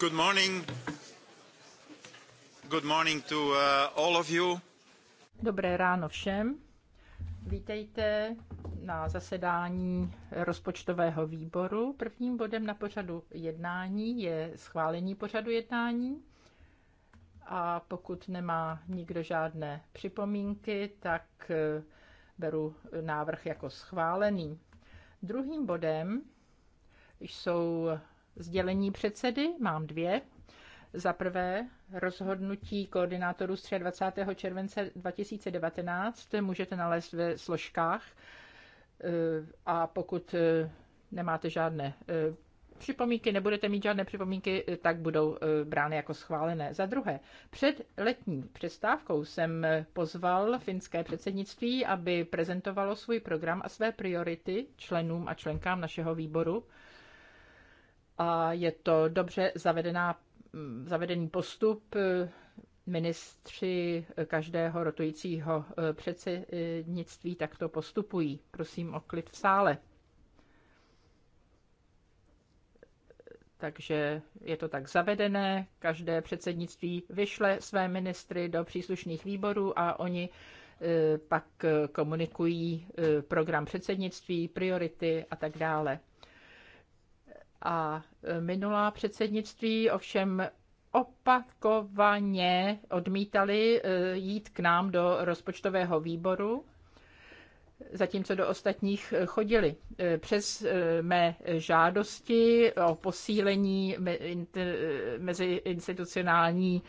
Good morning. Good morning to uh, all of you. Dobré ráno všem. Vítejte na zasedání rozpočtového výboru. Prvním bodem na pořadu jednání je schválení pořadu jednání. A pokud nemá nikdo žádné připomínky, tak eh, beru návrh jako schválený. Druhým bodem jsou sdělení předsedy. Mám dvě. Za prvé rozhodnutí koordinátorů z 23. července 2019 můžete nalézt ve složkách eh, a pokud eh, nemáte žádné eh, připomínky, nebudete mít žádné připomínky, tak budou brány jako schválené. Za druhé, před letní přestávkou jsem pozval finské předsednictví, aby prezentovalo svůj program a své priority členům a členkám našeho výboru a je to dobře zavedená, zavedený postup. Ministři každého rotujícího e, předsednictví takto postupují. Prosím o klid v sále. Takže je to tak zavedené, každé předsednictví vyšle své ministry do příslušných výborů a oni e, pak komunikují e, program předsednictví, priority a tak dále. A e, minulá předsednictví ovšem opakovaně odmítali e, jít k nám do rozpočtového výboru, zatímco do ostatních e, chodili. Přes mé žádosti o posílení institucionální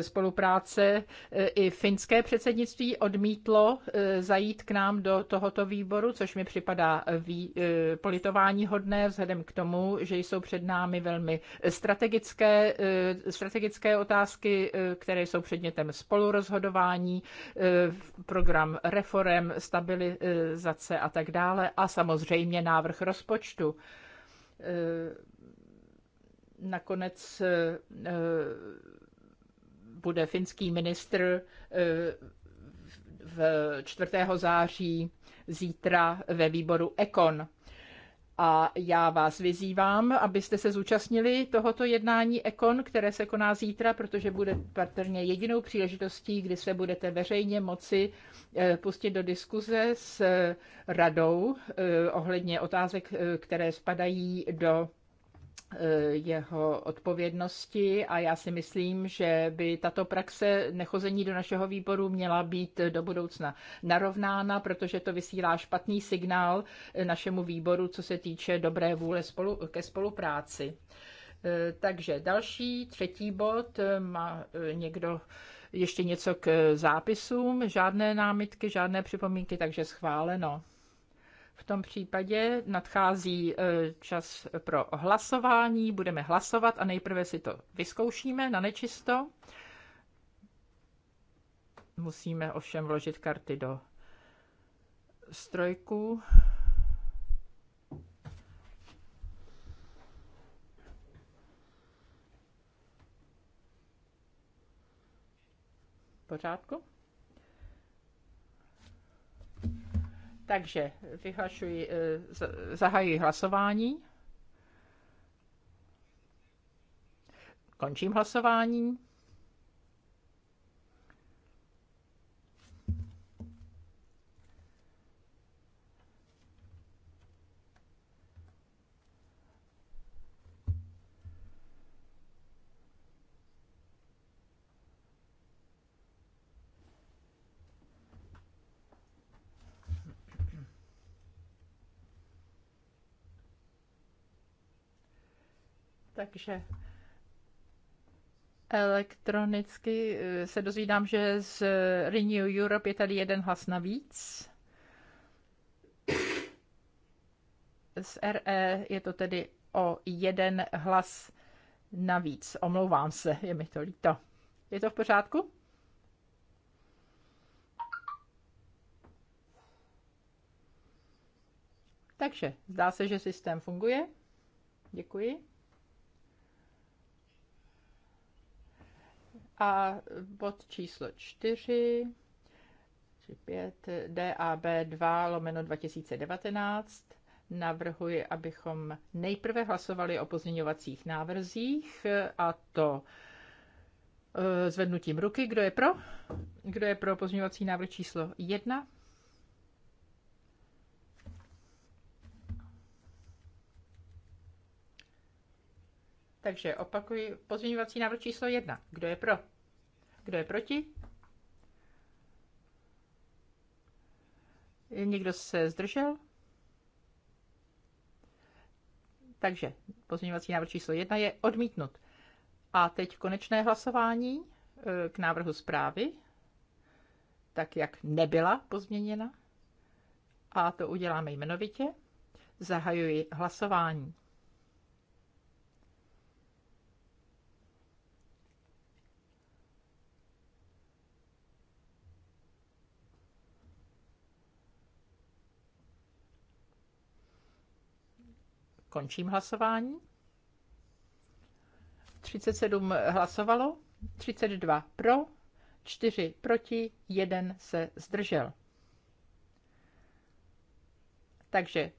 spolupráce. Eh, I finské předsednictví odmítlo eh, zajít k nám do tohoto výboru, což mi připadá eh, politování hodné vzhledem k tomu, že jsou před námi velmi strategické, strategické otázky, které jsou předmětem spolurozhodování, program reform, stabilizace a tak dále a samozřejmě návrh rozpočtu nakonec bude finský ministr eh, v 4. září zítra ve výboru Ekon. A já vás vyzývám, abyste se zúčastnili tohoto jednání Ekon, které se koná zítra, protože bude patrně jedinou příležitostí, kdy se budete veřejně moci eh, pustit do diskuze s radou eh, ohledně otázek, které spadají do jeho odpovědnosti a já si myslím, že by tato praxe nechození do našeho výboru měla být do budoucna narovnána, protože to vysílá špatný signál našemu výboru, co se týče dobré vůle spolu, ke spolupráci. Takže další, třetí bod, má někdo ještě něco k zápisům, žádné námitky, žádné připomínky, takže schváleno. V tom případě nadchází e, čas pro hlasování, budeme hlasovat a nejprve si to vyzkoušíme na nečisto. Musíme ovšem vložit karty do strojku. pořádku? Takže vyhlašuji, eh, zahajuji hlasování. Končím hlasování. Takže elektronicky eh, se dozvídám, že z Renew Europe je tady jeden hlas navíc. Z RE je to tedy o jeden hlas navíc. Omlouvám se, je mi to líto. Je to v pořádku? Takže zdá se, že systém funguje. Děkuji. A bod číslo 4, 5, DAB 2 lomeno 2019, navrhuji, abychom nejprve hlasovali o pozměňovacích návrzích a to e, zvednutím ruky. Kdo je pro? Kdo je pro pozměňovací návrh číslo 1? Takže opakuji, pozměňovací návrh číslo 1. Kdo je pro? Kdo je proti? Někdo se zdržel? Takže pozměňovací návrh číslo 1 je odmítnut. A teď konečné hlasování e, k návrhu zprávy, tak jak nebyla pozměněna. A to uděláme jmenovitě. Zahajuji hlasování. Končím hlasování. 37 hlasovalo, 32 pro, 4 proti, 1 se zdržel. Takže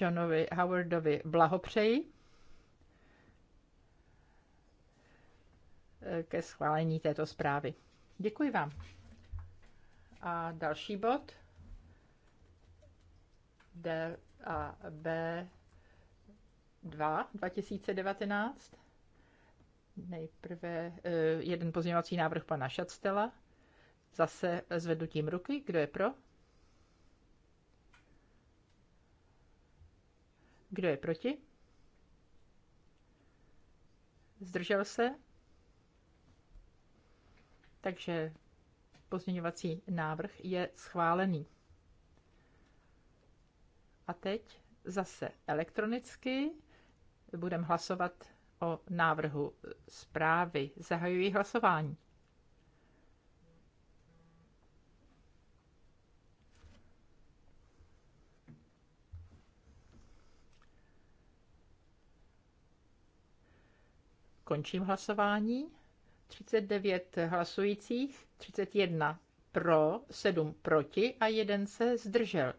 Johnovi Howardovi blahopřeji ke schválení této zprávy. Děkuji vám. A další bod. D a B 2 2019. Nejprve eh, jeden pozměňovací návrh pana Šatstela. Zase zvednutím ruky. Kdo je pro? Kdo je proti? Zdržel se? Takže pozměňovací návrh je schválený. A teď zase elektronicky budeme hlasovat o návrhu zprávy. Zahajuji hlasování. Končím hlasování. 39 hlasujících, 31 pro, 7 proti a 1 se zdržel.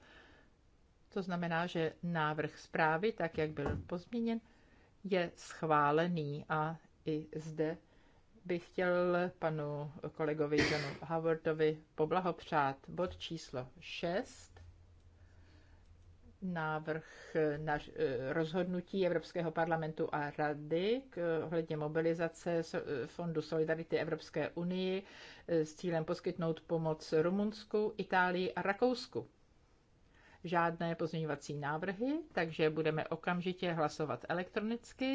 To znamená, že návrh zprávy, tak jak byl pozměněn, je schválený a i zde bych chtěl panu kolegovi Janu Howardovi poblahopřát bod číslo 6, návrh na eh, rozhodnutí Evropského parlamentu a rady k eh, ohledně mobilizace eh, Fondu Solidarity Evropské unii s cílem poskytnout pomoc Rumunsku, Itálii a Rakousku žádné pozměňovací návrhy, takže budeme okamžitě hlasovat elektronicky.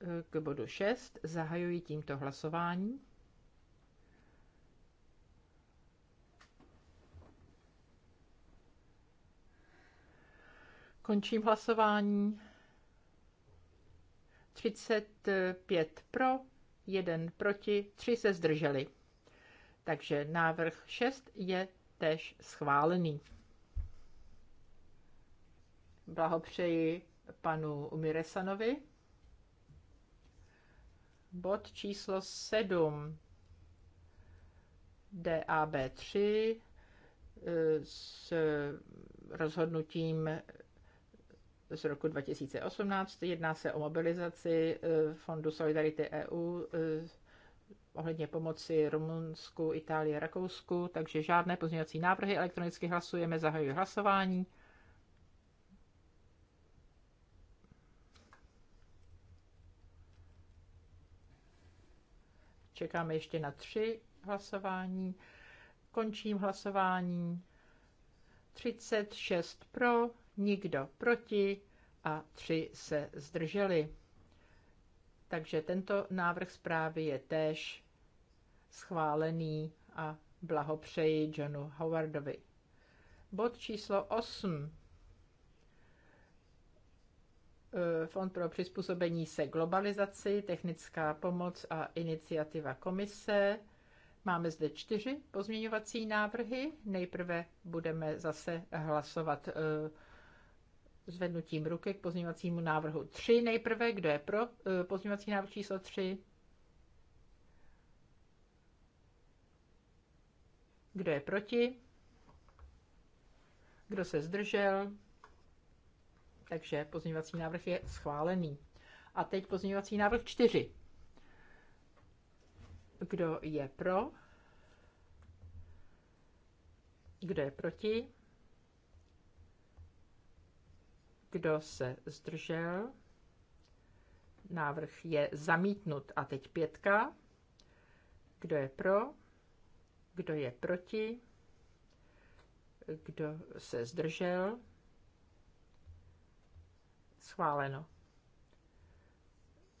E, k bodu 6 zahajuji tímto hlasování. Končím hlasování. 35 pro, 1 proti, 3 se zdrželi. Takže návrh 6 je tež schválený. Blahopřeji panu Umiresanovi. Bod číslo 7 DAB3 eh, s rozhodnutím z roku 2018. Jedná se o mobilizaci eh, Fondu Solidarity EU eh, ohledně pomoci Rumunsku, Itálii, Rakousku, takže žádné pozměňovací návrhy. Elektronicky hlasujeme, zahajuji hlasování. Čekáme ještě na tři hlasování. Končím hlasování. 36 pro, nikdo proti a tři se zdrželi. Takže tento návrh zprávy je též schválený a blahopřeji Johnu Howardovi. Bod číslo 8. Eh, Fond pro přizpůsobení se globalizaci, technická pomoc a iniciativa komise. Máme zde čtyři pozměňovací návrhy. Nejprve budeme zase hlasovat eh, zvednutím ruky k pozměňovacímu návrhu 3. Nejprve, kdo je pro eh, pozměňovací návrh číslo 3? Kdo je proti? Kdo se zdržel? Takže pozměňovací návrh je schválený. A teď pozměňovací návrh 4. Kdo je pro? Kdo je proti? Kdo se zdržel? Návrh je zamítnut. A teď pětka. Kdo je pro? Kdo je proti? Kdo se zdržel? Schváleno.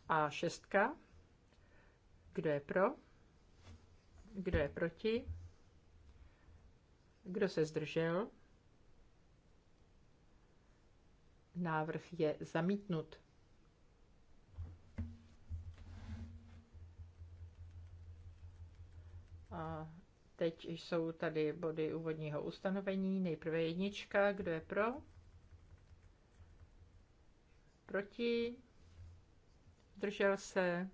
A šestka. Kdo je pro? Kdo je proti? Kdo se zdržel? Návrh je zamítnut. A teď jsou tady body úvodního ustanovení. Nejprve jednička. Kdo je pro? Proti? Zdržel se?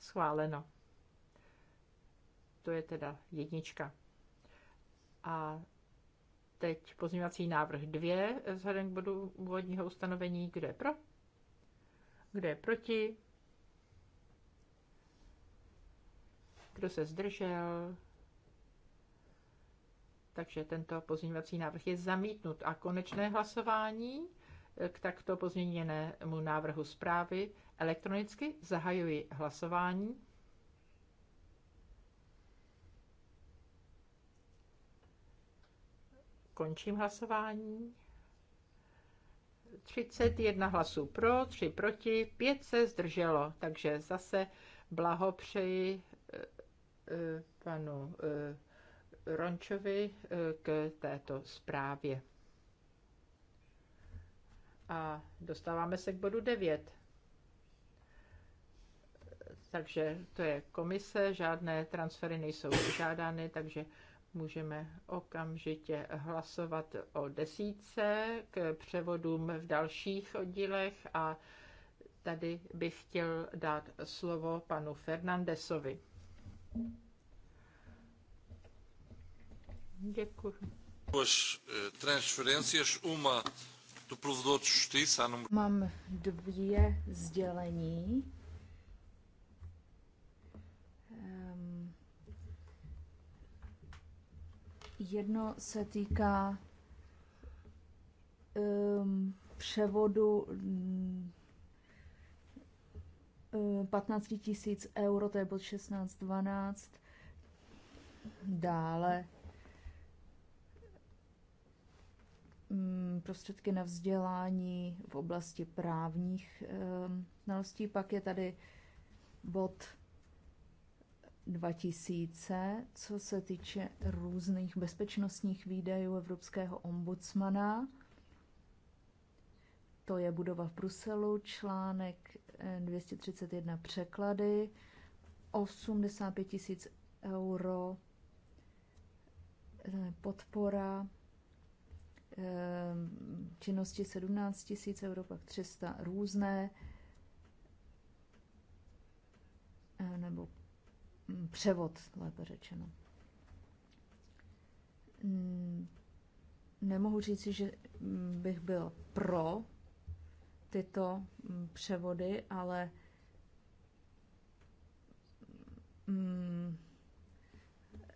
Schváleno. To je teda jednička. A teď pozměňovací návrh 2 vzhledem k bodu úvodního ustanovení. Kdo je pro? Kdo je proti? Kdo se zdržel? Takže tento pozměňovací návrh je zamítnut. A konečné hlasování k takto pozměněnému návrhu zprávy elektronicky. Zahajuji hlasování. Končím hlasování. 31 hlasů pro, 3 proti, 5 se zdrželo. Takže zase blahopřeji eh, eh, panu eh, Rončovi k této zprávě. A dostáváme se k bodu 9. Takže to je komise, žádné transfery nejsou vyžádány, takže můžeme okamžitě hlasovat o desíce k převodům v dalších oddílech a tady bych chtěl dát slovo panu Fernandesovi. Děkuji. Duas eh, transferências, uma Mám dvě sdělení. Um, jedno se týká um, převodu um, ehm, 15 tisíc euro, to je bod 16.12. Dále Mm, prostředky na vzdělání v oblasti právních ehm, znalostí. Pak je tady bod 2000, co se týče různých bezpečnostních výdajů Evropského ombudsmana. To je budova v Bruselu, článek 231 eh, překlady, 85 tisíc euro eh, podpora Ehm, činnosti 17 000 euro, pak 300 různé, ehm, nebo mm, převod, lépe řečeno. Ehm, nemohu říci, že mm, bych byl pro tyto mm, převody, ale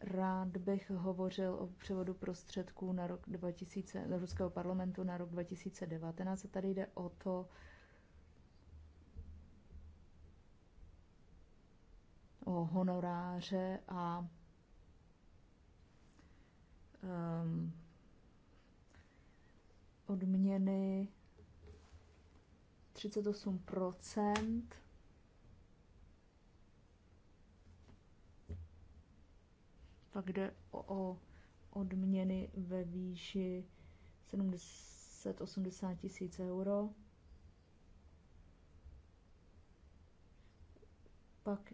Rád bych hovořil o převodu prostředků na rok 2000, ruského parlamentu na rok 2019 a tady jde o to, o honoráře a um, odměny 38 Pak jde o, o odměny ve výši 70-80 tisíc euro. Pak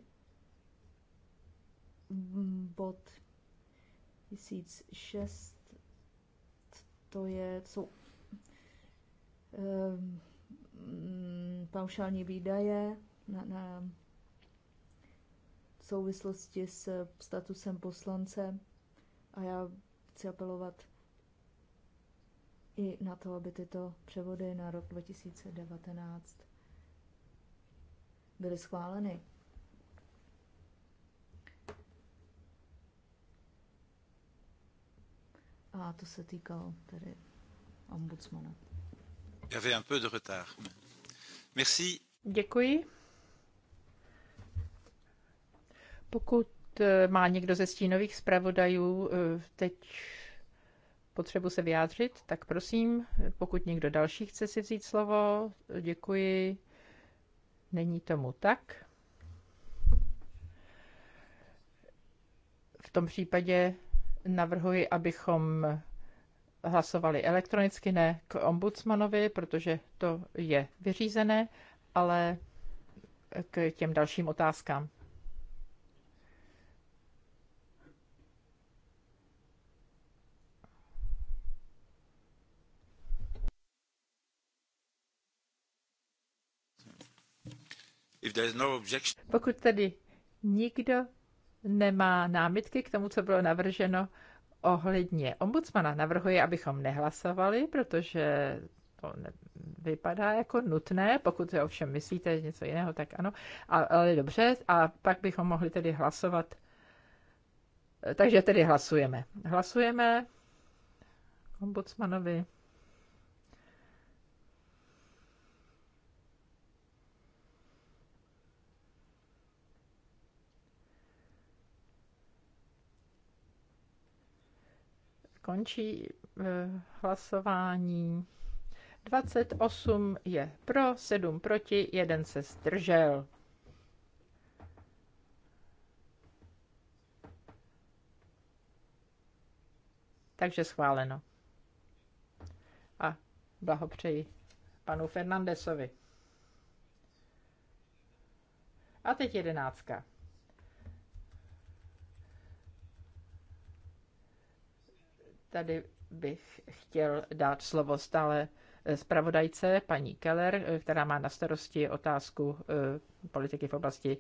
bod 1006, to, je, to jsou um, paušální výdaje na, na souvislosti s statusem poslance a já chci apelovat i na to, aby tyto převody na rok 2019 byly schváleny. A to se týkalo tedy ombudsmana. Já un peu de retard. Merci. Děkuji. Pokud eh, má někdo ze stínových zpravodajů eh, teď potřebu se vyjádřit, tak prosím, pokud někdo další chce si vzít slovo, děkuji. Není tomu tak. V tom případě navrhuji, abychom hlasovali elektronicky, ne k ombudsmanovi, protože to je vyřízené, ale k těm dalším otázkám. No pokud tedy nikdo nemá námitky k tomu, co bylo navrženo ohledně ombudsmana, navrhuji, abychom nehlasovali, protože to vypadá jako nutné, pokud si ovšem myslíte něco jiného, tak ano, ale dobře, a pak bychom mohli tedy hlasovat. Takže tedy hlasujeme. Hlasujeme ombudsmanovi. končí eh, hlasování. 28 je pro, 7 proti, 1 se zdržel. Takže schváleno. A blahopřeji panu Fernandesovi. A teď jedenáctka. Tady bych chtěl dát slovo stále eh, zpravodajce paní Keller, eh, která má na starosti otázku eh, politiky v oblasti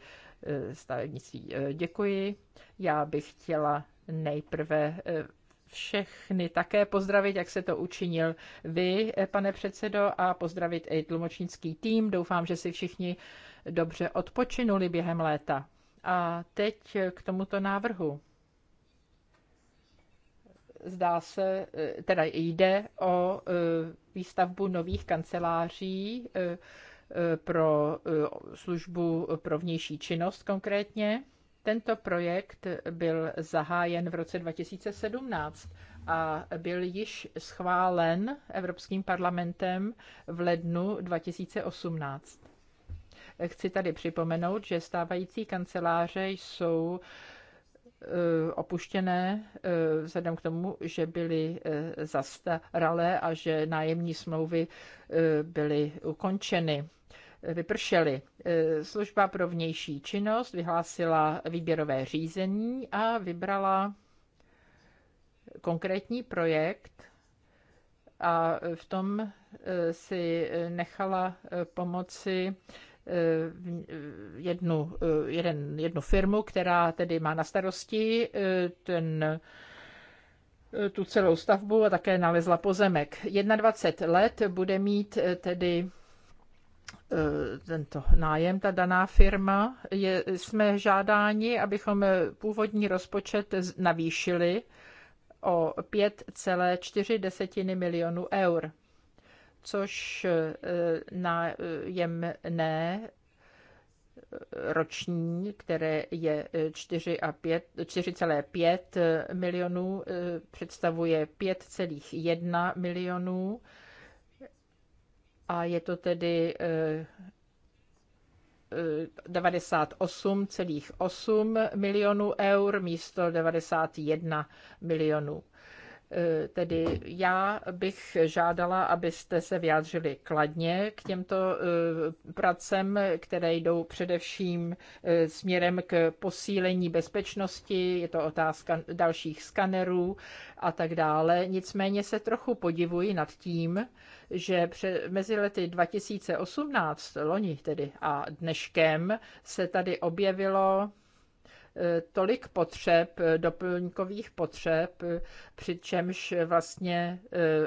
stavebnictví. Děkuji. Já bych chtěla nejprve všechny také pozdravit, jak se to učinil vy, pane předsedo, a pozdravit i tlumočnický tým. Doufám, že si všichni dobře odpočinuli během léta. A teď k tomuto návrhu zdá se, eh, teda jde o eh, výstavbu nových kanceláří eh, pro službu pro vnější činnost konkrétně. Tento projekt byl zahájen v roce 2017 a byl již schválen Evropským parlamentem v lednu 2018. Chci tady připomenout, že stávající kanceláře jsou Eh, opuštěné eh, vzhledem k tomu, že byly eh, zastaralé a že nájemní smlouvy byly ukončeny vypršely. Služba pro vnější činnost vyhlásila výběrové řízení a vybrala konkrétní projekt a v tom si nechala pomoci Eh, eh, jednu, eh, jeden, jednu firmu, která tedy má na starosti ten tu celou stavbu a také nalezla pozemek. 21 let bude mít tedy tento nájem, ta daná firma. Je, jsme žádáni, abychom původní rozpočet navýšili o 5,4 milionů eur což eh, na jemné roční, které je 4,5 eh, eh, milionů, představuje 5,1 milionů a je to tedy 98,8 milionů eur místo 91 milionů. Eh, tedy já bych žádala, abyste se vyjádřili kladně k těmto eh, pracem, které jdou především eh, směrem k posílení bezpečnosti, je to otázka dalších skanerů a tak dále. Nicméně se trochu podivuji nad tím, že mezi lety 2018, loni tedy, a dneškem se tady objevilo E, tolik potřeb, e, doplňkových potřeb, e, přičemž vlastně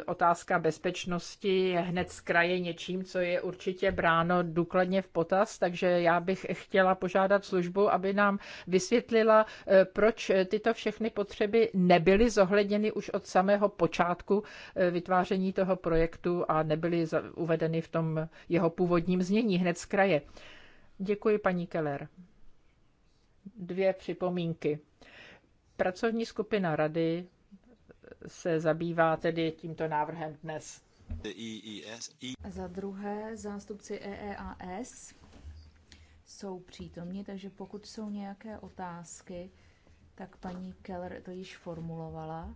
otázka bezpečnosti je hned z kraje něčím, co je určitě bráno důkladně v potaz, takže já bych chtěla požádat službu, aby nám vysvětlila, proč tyto všechny potřeby nebyly zohledněny už od samého počátku vytváření toho projektu a nebyly uvedeny v tom jeho původním znění hned z kraje. Děkuji, paní Keller dvě připomínky. Pracovní skupina rady se zabývá tedy tímto návrhem dnes. Za druhé, zástupci EEAS jsou přítomni, takže pokud jsou nějaké otázky, tak paní Keller to již formulovala.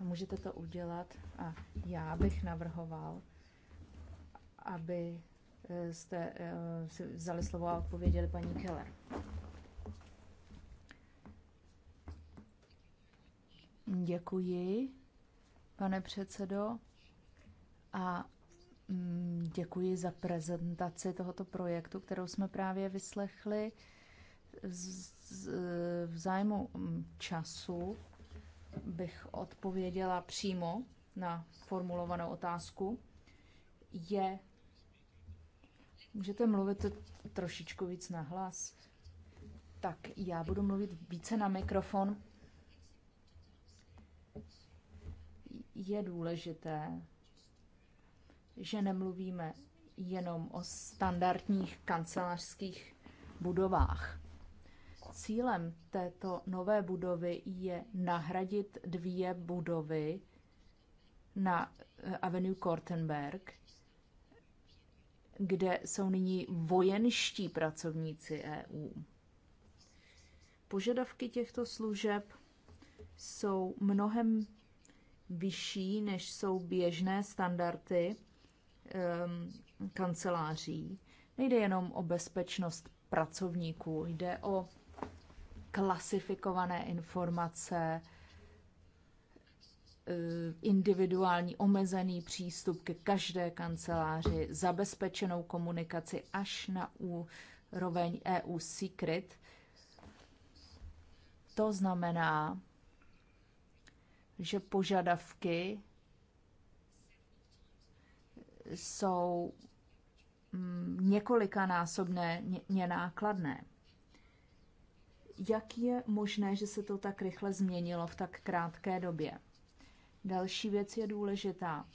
Můžete to udělat a já bych navrhoval, aby eh, jste eh, si vzali slovo a odpověděli paní Keller. Děkuji, pane předsedo, a mm, děkuji za prezentaci tohoto projektu, kterou jsme právě vyslechli. V zájmu mm, času bych odpověděla přímo na formulovanou otázku. Je Můžete mluvit trošičku víc na hlas? Tak já budu mluvit více na mikrofon, je důležité, že nemluvíme jenom o standardních kancelářských budovách. Cílem této nové budovy je nahradit dvě budovy na eh, Avenue Kortenberg, kde jsou nyní vojenští pracovníci EU. Požadavky těchto služeb jsou mnohem vyšší, než jsou běžné standardy um, kanceláří. Nejde jenom o bezpečnost pracovníků, jde o klasifikované informace, eh, individuální omezený přístup ke každé kanceláři, zabezpečenou komunikaci až na úroveň EU Secret. To znamená, že požadavky jsou mm, několikanásobné nákladné. Jak je možné, že se to tak rychle změnilo v tak krátké době? Další věc je důležitá.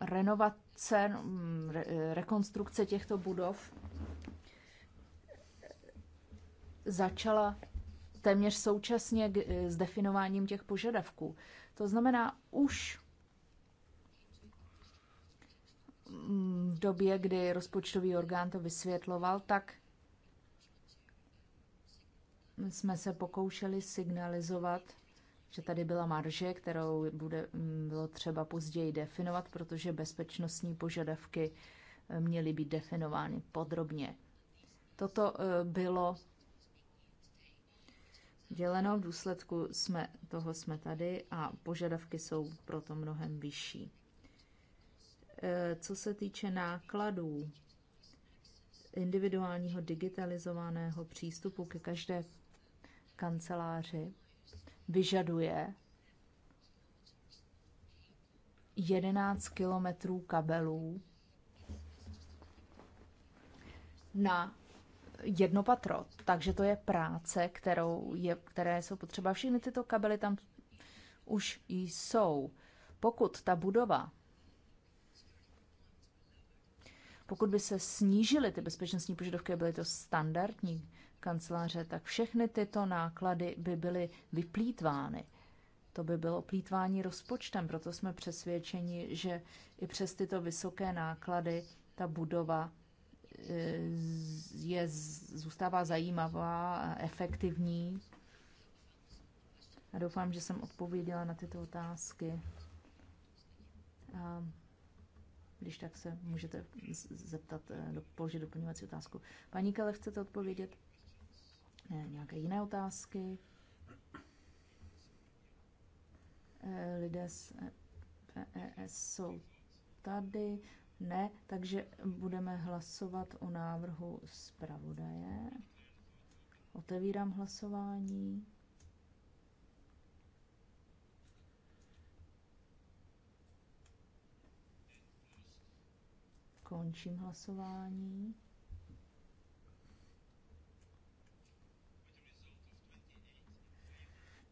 Renovace, mm, rekonstrukce těchto budov začala téměř současně k, eh, s definováním těch požadavků. To znamená, už mm, v době, kdy rozpočtový orgán to vysvětloval, tak jsme se pokoušeli signalizovat, že tady byla marže, kterou bude, mm, bylo třeba později definovat, protože bezpečnostní požadavky eh, měly být definovány podrobně. Toto eh, bylo děleno. V důsledku jsme, toho jsme tady a požadavky jsou proto mnohem vyšší. E, co se týče nákladů individuálního digitalizovaného přístupu ke každé kanceláři, vyžaduje 11 kilometrů kabelů na jedno patro. Takže to je práce, kterou je, které jsou potřeba. Všechny tyto kabely tam už jsou. Pokud ta budova, pokud by se snížily ty bezpečnostní požadavky, byly to standardní kanceláře, tak všechny tyto náklady by byly vyplýtvány. To by bylo plítvání rozpočtem, proto jsme přesvědčeni, že i přes tyto vysoké náklady ta budova je, zůstává zajímavá a efektivní. A doufám, že jsem odpověděla na tyto otázky. A když tak se můžete zeptat, eh, položit doplňovací otázku. Paní Kele, chcete odpovědět? Ne, nějaké jiné otázky? Eh, lidé z e PES jsou tady. Ne, takže budeme hlasovat o návrhu zpravodaje. Otevírám hlasování. Končím hlasování.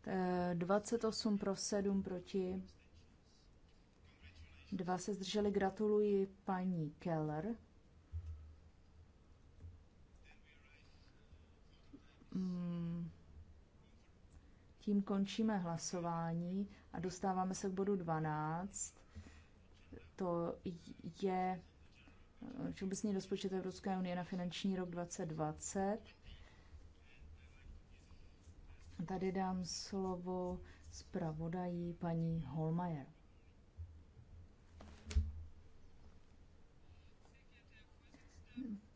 E, eh, 28 pro 7 proti Dva se zdrželi. Gratuluji paní Keller. Hmm. Tím končíme hlasování a dostáváme se k bodu 12. To je Všeobecný rozpočet Evropské unie na finanční rok 2020. Tady dám slovo zpravodají paní Holmajer.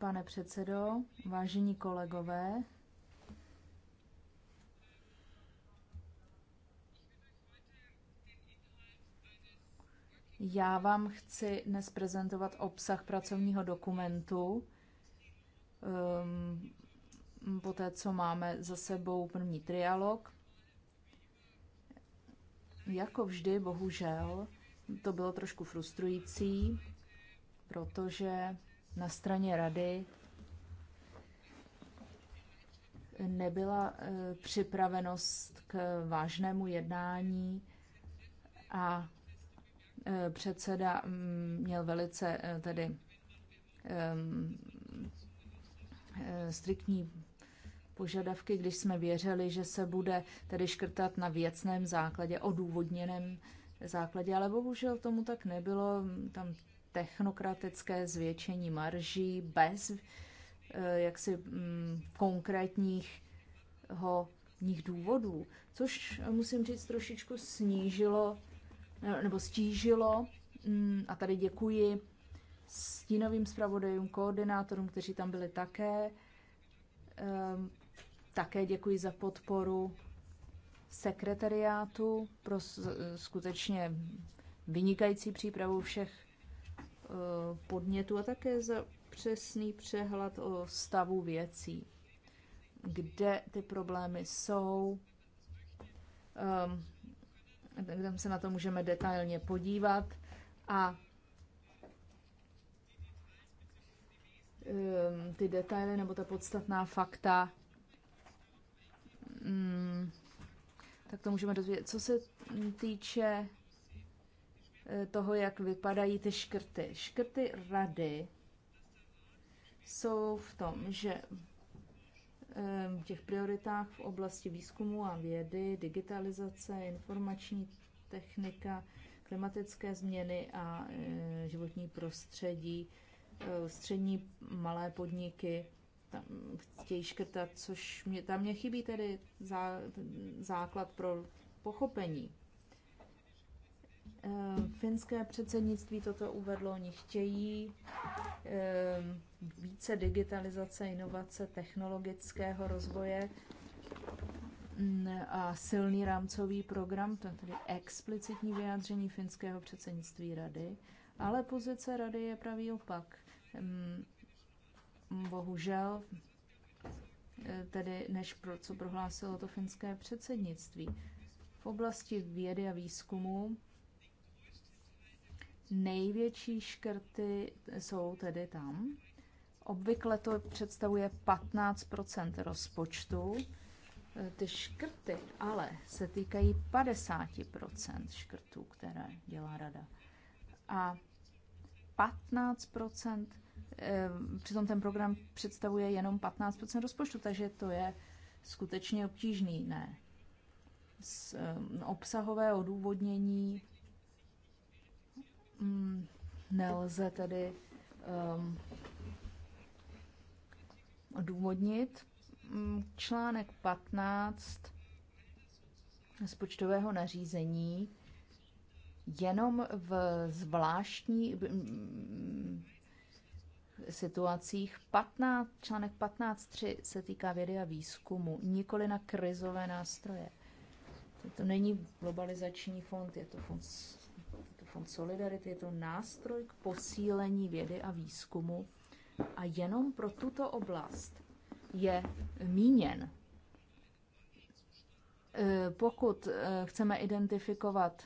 pane předsedo, vážení kolegové. Já vám chci dnes prezentovat obsah pracovního dokumentu. Um, po té, co máme za sebou první trialog. Jako vždy, bohužel, to bylo trošku frustrující, protože na straně rady nebyla e, připravenost k vážnému jednání a e, předseda mm, měl velice e, tedy striktní požadavky, když jsme věřili, že se bude tedy škrtat na věcném základě, odůvodněném základě, ale bohužel tomu tak nebylo. Tam technokratické zvětšení marží bez eh, jaksi mm, konkrétních nich důvodů, což eh, musím říct trošičku snížilo eh, nebo stížilo mm, a tady děkuji stínovým zpravodajům, koordinátorům, kteří tam byli také. Ehm, také děkuji za podporu sekretariátu pro skutečně vynikající přípravu všech Eh, podnětu a také za přesný přehled o stavu věcí, kde ty problémy jsou, ehm, tam se na to můžeme detailně podívat a ehm, ty detaily nebo ta podstatná fakta, mm, tak to můžeme dozvědět. Co se týče Eh, toho, jak vypadají ty škrty. Škrty rady jsou v tom, že v eh, těch prioritách v oblasti výzkumu a vědy, digitalizace, informační technika, klimatické změny a eh, životní prostředí, střední malé podniky tam chtějí škrtat, což mě, tam mě chybí tedy zá, základ pro pochopení Eh, finské předsednictví toto uvedlo, oni chtějí eh, více digitalizace, inovace, technologického rozvoje mm, a silný rámcový program, to je tedy explicitní vyjádření finského předsednictví rady, ale pozice rady je pravý opak. Mm, bohužel, eh, tedy než pro, co prohlásilo to finské předsednictví. V oblasti vědy a výzkumu Největší škrty jsou tedy tam. Obvykle to představuje 15 rozpočtu. Ty škrty ale se týkají 50 škrtů, které dělá rada. A 15 eh, přitom ten program představuje jenom 15 rozpočtu, takže to je skutečně obtížný. Ne. Z eh, obsahové odůvodnění Mm, nelze tedy um, odůvodnit. Mm, článek 15 počtového nařízení jenom v zvláštní mm, situacích. 15, článek 15.3 se týká vědy a výzkumu, nikoli na krizové nástroje. To není globalizační fond, je to fond Fond Solidarity je to nástroj k posílení vědy a výzkumu a jenom pro tuto oblast je míněn. Eh, pokud eh, chceme identifikovat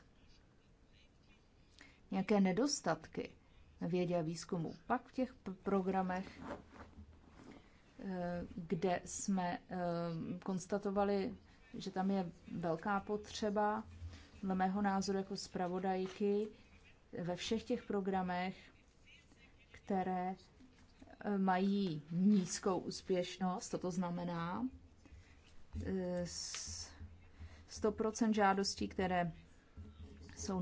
nějaké nedostatky vědě a výzkumu, pak v těch programech, eh, kde jsme konstatovali, že tam je velká potřeba, dle mého názoru jako zpravodajky ve všech těch programech, které eh, mají nízkou úspěšnost, toto to znamená 100% eh, žádostí, které jsou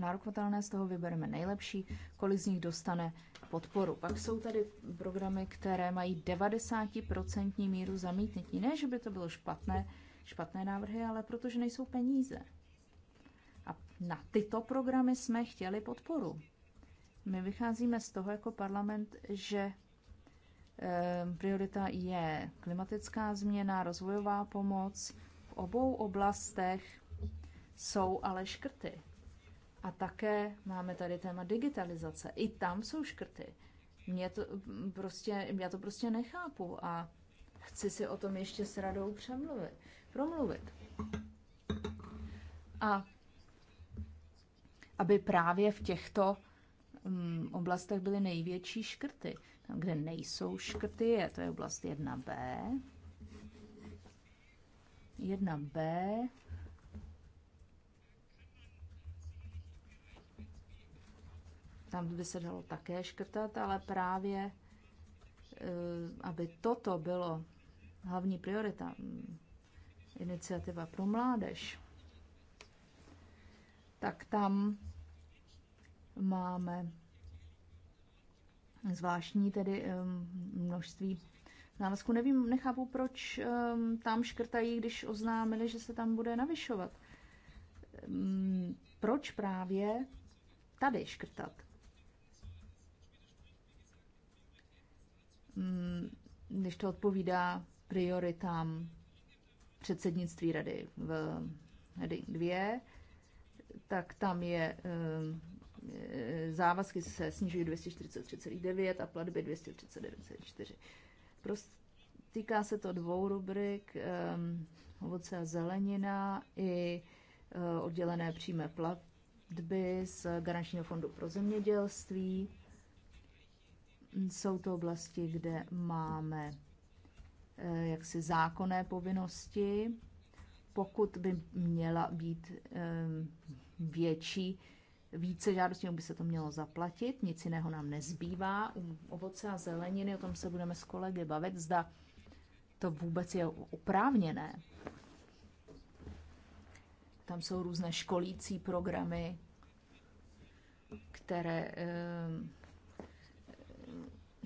nárokovatelné, z toho vybereme nejlepší, kolik z nich dostane podporu. Pak jsou tady programy, které mají 90% míru zamítnutí. Ne, že by to bylo špatné, špatné návrhy, ale protože nejsou peníze. A na tyto programy jsme chtěli podporu. My vycházíme z toho jako parlament, že eh, priorita je klimatická změna, rozvojová pomoc. V obou oblastech jsou ale škrty. A také máme tady téma digitalizace. I tam jsou škrty. Mě to prostě, já to prostě nechápu a chci si o tom ještě s radou přemluvit, promluvit. A aby právě v těchto mm, oblastech byly největší škrty. Tam, kde nejsou škrty, je to je oblast 1b. 1b. Tam by se dalo také škrtat, ale právě, eh, aby toto bylo hlavní priorita, mm, iniciativa pro mládež tak tam máme zvláštní tedy množství závazku. Nevím, nechápu, proč um, tam škrtají, když oznámili, že se tam bude navyšovat. Um, proč právě tady škrtat? Um, když to odpovídá prioritám předsednictví rady v rady 2, tak tam je ehm, e, závazky se snižují 243,9 a platby 239,4. Prost, týká se to dvou rubrik, ehm, ovoce a zelenina i e, oddělené přímé platby z Garančního fondu pro zemědělství. Jsou to oblasti, kde máme e, jaksi zákonné povinnosti. Pokud by měla být ehm, větší, více žádostí, by se to mělo zaplatit, nic jiného nám nezbývá. U ovoce a zeleniny, o tom se budeme s kolegy bavit, zda to vůbec je oprávněné. Tam jsou různé školící programy, které e,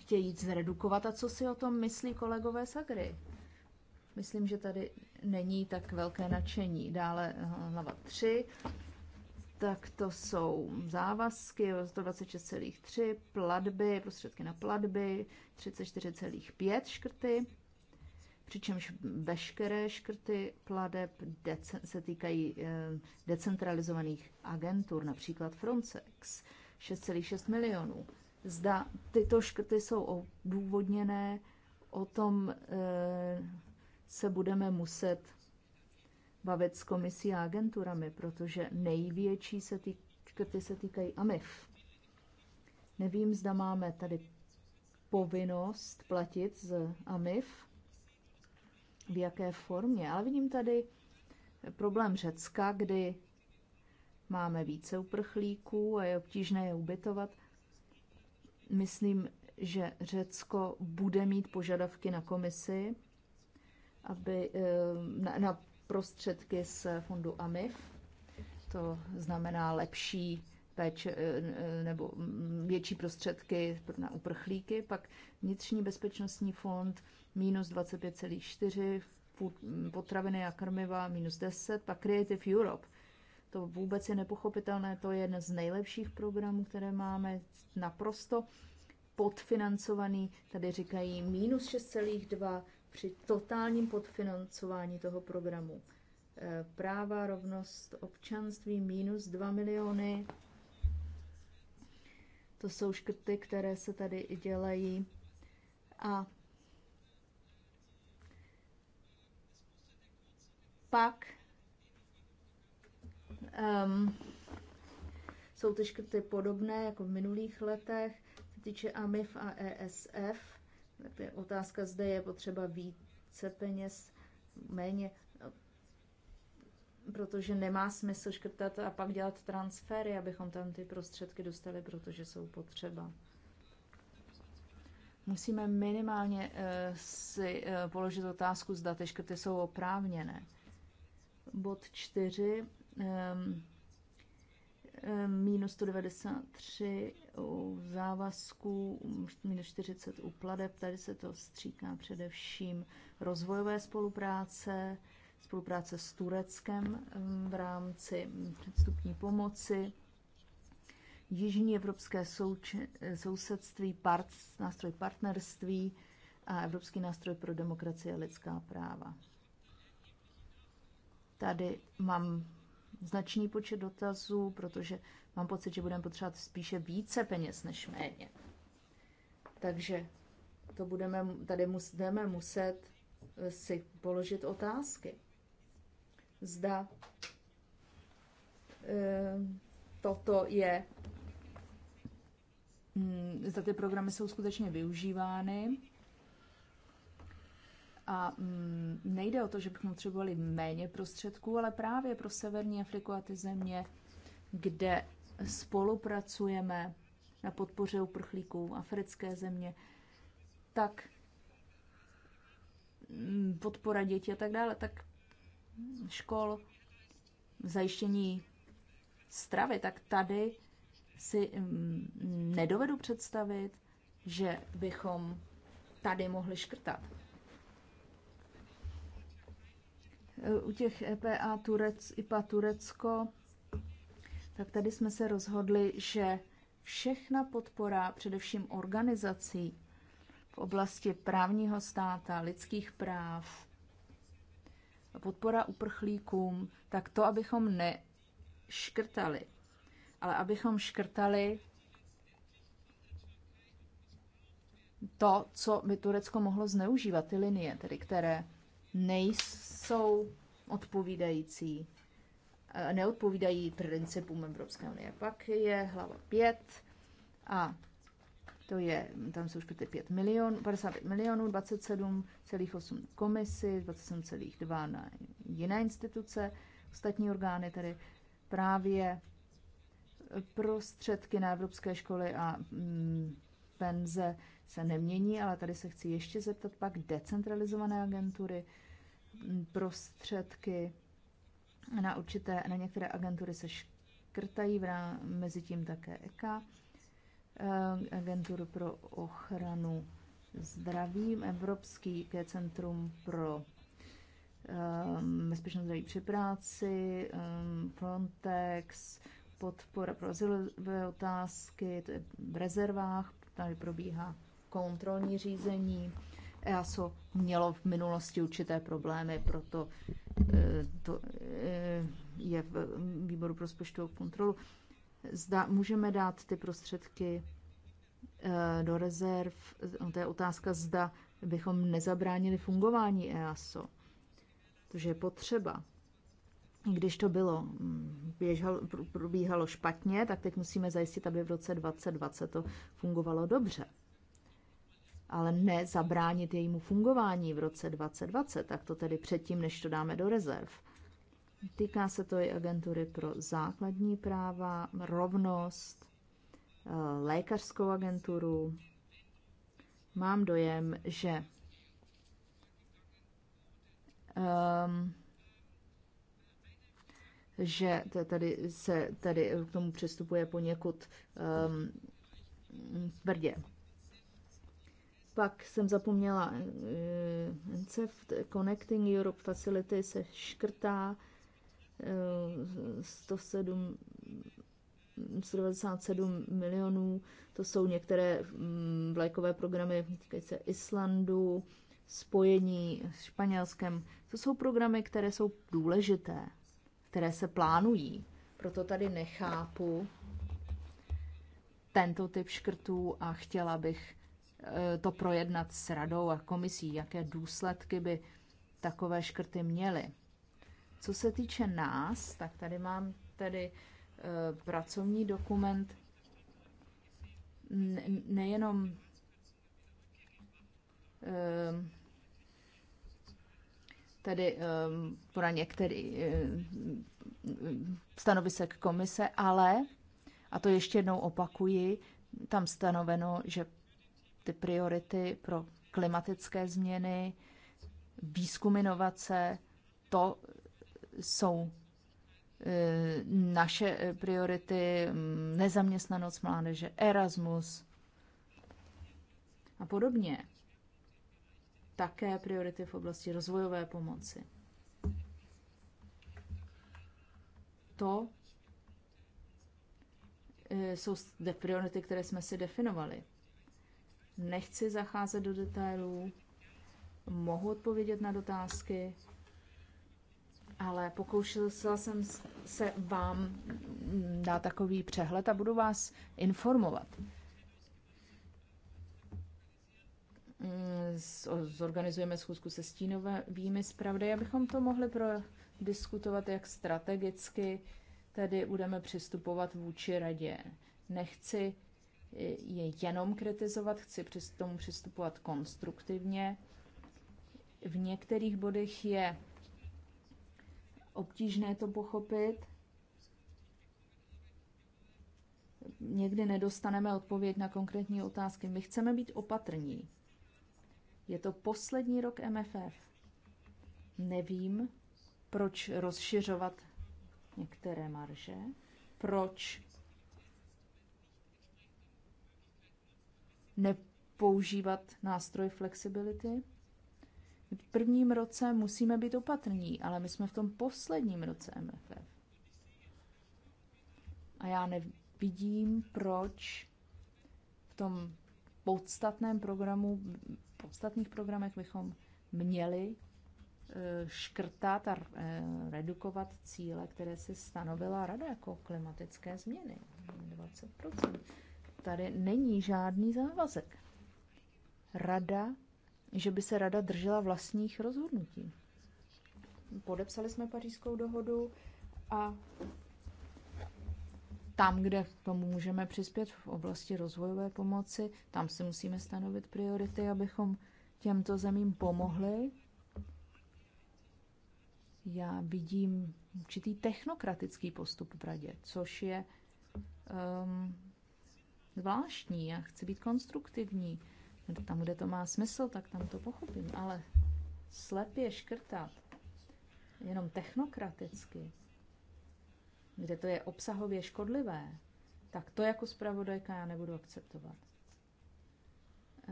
chtějí zredukovat. A co si o tom myslí kolegové z Myslím, že tady není tak velké nadšení. Dále hlava 3 tak to jsou závazky 126,3, platby, prostředky na platby 34,5 škrty, přičemž veškeré škrty pladeb se týkají eh, decentralizovaných agentur, například Frontex, 6,6 milionů. Zda tyto škrty jsou odůvodněné, o tom eh, se budeme muset bavit s komisí a agenturami, protože největší se ty škrty se týkají AMIF. Nevím, zda máme tady povinnost platit z AMIF, v jaké formě, ale vidím tady problém Řecka, kdy máme více uprchlíků a je obtížné je ubytovat. Myslím, že Řecko bude mít požadavky na komisi, aby eh, na, na prostředky z fondu AMIF, to znamená lepší péče eh, nebo větší prostředky na uprchlíky, pak vnitřní bezpečnostní fond minus 25,4, potraviny a krmiva minus 10, pak Creative Europe. To vůbec je nepochopitelné, to je jeden z nejlepších programů, které máme, naprosto podfinancovaný, tady říkají minus 6,2, při totálním podfinancování toho programu. E, práva, rovnost, občanství minus 2 miliony. To jsou škrty, které se tady dělají. A pak um, jsou ty škrty podobné jako v minulých letech, se týče AMIF a ESF to je otázka, zde je potřeba více peněz, méně, protože nemá smysl škrtat a pak dělat transfery, abychom tam ty prostředky dostali, protože jsou potřeba. Musíme minimálně eh, si eh, položit otázku, zda ty škrty jsou oprávněné. Bod čtyři ehm, minus 193 u závazků, minus 40 u pladeb. Tady se to stříká především rozvojové spolupráce, spolupráce s Tureckem v rámci předstupní pomoci, jižní evropské souč- sousedství, part, nástroj partnerství a Evropský nástroj pro demokracii a lidská práva. Tady mám značný počet dotazů, protože mám pocit, že budeme potřebovat spíše více peněz než méně. Takže to budeme, tady budeme muset eh, si položit otázky. Zda e, toto je, hm, zda ty programy jsou skutečně využívány a mm, nejde o to, že bychom potřebovali méně prostředků, ale právě pro Severní Afriku a ty země, kde spolupracujeme na podpoře uprchlíků, africké země, tak mm, podpora dětí a tak dále, tak škol, zajištění stravy, tak tady si mm, nedovedu představit, že bychom tady mohli škrtat. Eh, u těch EPA Turec, IPA Turecko, tak tady jsme se rozhodli, že všechna podpora především organizací v oblasti právního státa, lidských práv, podpora uprchlíkům, tak to, abychom neškrtali, ale abychom škrtali to, co by Turecko mohlo zneužívat, ty linie, tedy které nejsou odpovídající, eh, neodpovídají principům Evropské unie. Pak je hlava 5 a to je, tam jsou škrty 5 milionů, 55 milionů, 27,8 komisy, 27,2 na jiné instituce, ostatní orgány tedy právě prostředky na evropské školy a mm, penze se nemění, ale tady se chci ještě zeptat pak decentralizované agentury, prostředky na určité, na některé agentury se škrtají, v rám, mezi tím také EKA, eh, agenturu pro ochranu zdraví, Evropský centrum pro um, bezpečnost zdraví při práci, um, Frontex, podpora pro azylové otázky, to je v rezervách, tady probíhá kontrolní řízení. EASO mělo v minulosti určité problémy, proto eh, to eh, je v výboru pro rozpočtovou kontrolu. Zda můžeme dát ty prostředky eh, do rezerv. To je otázka, zda bychom nezabránili fungování EASO. to je potřeba. Když to bylo, mm, běžalo, probíhalo špatně, tak teď musíme zajistit, aby v roce 2020 to fungovalo dobře ale ne zabránit jejímu fungování v roce 2020, tak to tedy předtím, než to dáme do rezerv. Týká se to i agentury pro základní práva, rovnost, eh, lékařskou agenturu. Mám dojem, že um, že tady se tady k tomu přistupuje poněkud um, tvrdě. Pak jsem zapomněla eh, NCEF, Connecting Europe Facility se škrtá 107 eh, 197 milionů, to jsou některé mm, vlajkové programy týkající se Islandu, spojení s Španělskem. To jsou programy, které jsou důležité, které se plánují. Proto tady nechápu tento typ škrtů a chtěla bych Eh, to projednat s radou a komisí, jaké důsledky by takové škrty měly. Co se týče nás, tak tady mám tedy eh, pracovní dokument nejenom eh, tedy pro některý stanovisek komise, ale, a to ještě jednou opakuji, tam stanoveno, že ty priority pro klimatické změny, výzkum inovace, to jsou e, naše priority, nezaměstnanost mládeže, Erasmus a podobně. Také priority v oblasti rozvojové pomoci. To e, jsou priority, které jsme si definovali. Nechci zacházet do detailů, mohu odpovědět na dotázky, ale pokoušel jsem se vám dát takový přehled a budu vás informovat. Zorganizujeme schůzku se stínovými zpravdy, abychom to mohli prodiskutovat, jak strategicky tedy budeme přistupovat vůči radě. Nechci je jenom kritizovat, chci při tomu přistupovat konstruktivně. V některých bodech je obtížné to pochopit. Někdy nedostaneme odpověď na konkrétní otázky. My chceme být opatrní. Je to poslední rok MFF. Nevím, proč rozšiřovat některé marže, proč nepoužívat nástroj flexibility. V prvním roce musíme být opatrní, ale my jsme v tom posledním roce MFF. A já nevidím, proč v tom podstatném programu, podstatných programech bychom měli eh, škrtat a eh, redukovat cíle, které si stanovila Rada jako klimatické změny. 20% tady není žádný závazek. Rada, že by se rada držela vlastních rozhodnutí. Podepsali jsme pařížskou dohodu a tam, kde k tomu můžeme přispět v oblasti rozvojové pomoci, tam si musíme stanovit priority, abychom těmto zemím pomohli. Já vidím určitý technokratický postup v radě, což je um, zvláštní, já chci být konstruktivní. No, tam, kde to má smysl, tak tam to pochopím, ale slepě škrtat, jenom technokraticky, kde to je obsahově škodlivé, tak to jako zpravodajka já nebudu akceptovat.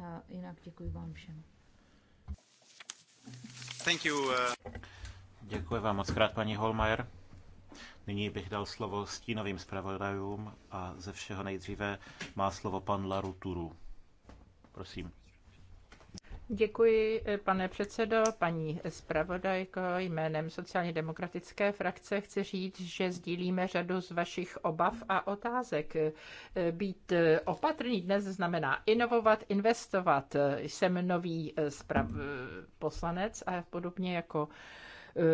A jinak děkuji vám všem. Thank you. Uh, děkuji vám moc krát, paní Holmajer. Nyní bych dal slovo stínovým zpravodajům a ze všeho nejdříve má slovo pan Laruturu. Prosím. Děkuji, pane předsedo, paní zpravodajko. Jménem sociálně demokratické frakce chci říct, že sdílíme řadu z vašich obav a otázek. Být opatrný dnes znamená inovovat, investovat. Jsem nový poslanec a podobně jako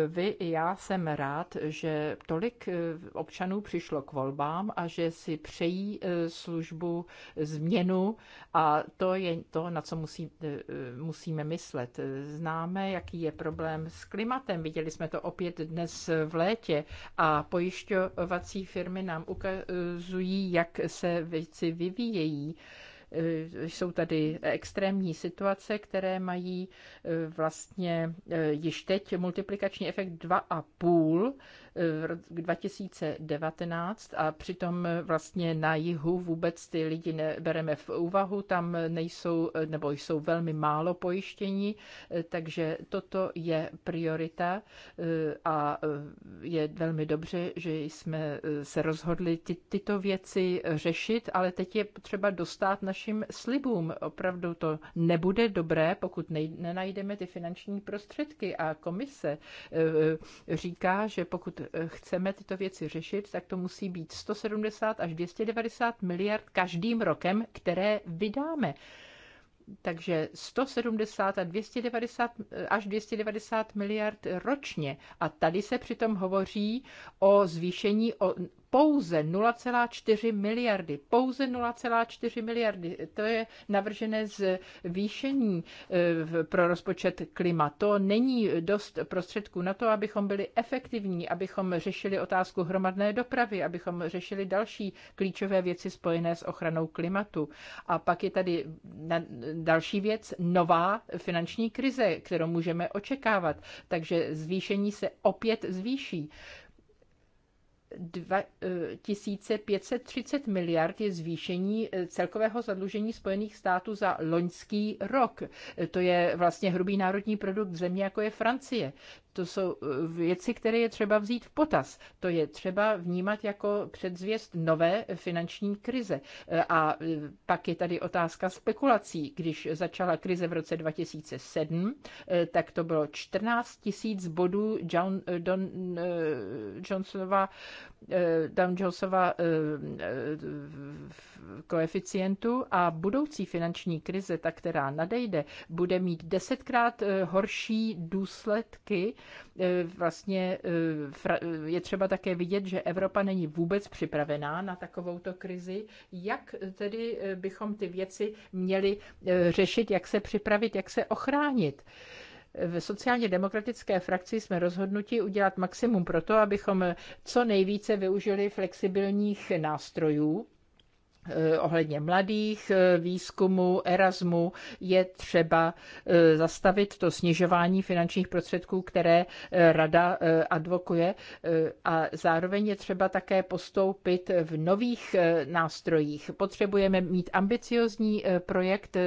vy i já jsem rád, že tolik eh, občanů přišlo k volbám a že si přejí eh, službu změnu a to je to, na co musí, eh, musíme myslet. Známe, jaký je problém s klimatem, viděli jsme to opět dnes v létě a pojišťovací firmy nám ukazují, jak se věci vyvíjejí Eh, jsou tady extrémní situace, které mají eh, vlastně eh, již teď multiplikační efekt 2,5 v 2019 a přitom vlastně na jihu vůbec ty lidi nebereme v úvahu, tam nejsou nebo jsou velmi málo pojištění, eh, takže toto je priorita eh, a eh, je velmi dobře, že jsme se rozhodli ty, tyto věci řešit, ale teď je potřeba dostat našim slibům. Opravdu to nebude dobré, pokud nej, nenajdeme ty finanční prostředky a komise říká, že pokud chceme tyto věci řešit, tak to musí být 170 až 290 miliard každým rokem, které vydáme. Takže 170 a 290, až 290 miliard ročně. A tady se přitom hovoří o zvýšení o pouze 0,4 miliardy. Pouze 0,4 miliardy. To je navržené zvýšení eh, pro rozpočet klima. To není dost prostředků na to, abychom byli efektivní, abychom řešili otázku hromadné dopravy, abychom řešili další klíčové věci spojené s ochranou klimatu. A pak je tady další věc, nová finanční krize, kterou můžeme očekávat. Takže zvýšení se opět zvýší. 2530 eh, miliard je zvýšení eh, celkového zadlužení Spojených států za loňský rok. Eh, to je vlastně hrubý národní produkt země, jako je Francie. To jsou věci, které je třeba vzít v potaz. To je třeba vnímat jako předzvěst nové finanční krize. A pak je tady otázka spekulací. Když začala krize v roce 2007, tak to bylo 14 000 bodů John, Don, Johnsonova Eh, Jonesova eh, koeficientu a budoucí finanční krize, ta, která nadejde, bude mít desetkrát eh, horší důsledky. Vlastně je třeba také vidět, že Evropa není vůbec připravená na takovouto krizi. Jak tedy bychom ty věci měli řešit, jak se připravit, jak se ochránit? V sociálně demokratické frakci jsme rozhodnuti udělat maximum pro to, abychom co nejvíce využili flexibilních nástrojů, Eh, ohledně mladých, eh, výzkumu, Erasmu je třeba eh, zastavit to snižování finančních prostředků, které rada advokuje a zároveň je třeba také postoupit v nových nástrojích. Potřebujeme mít ambiciozní projekt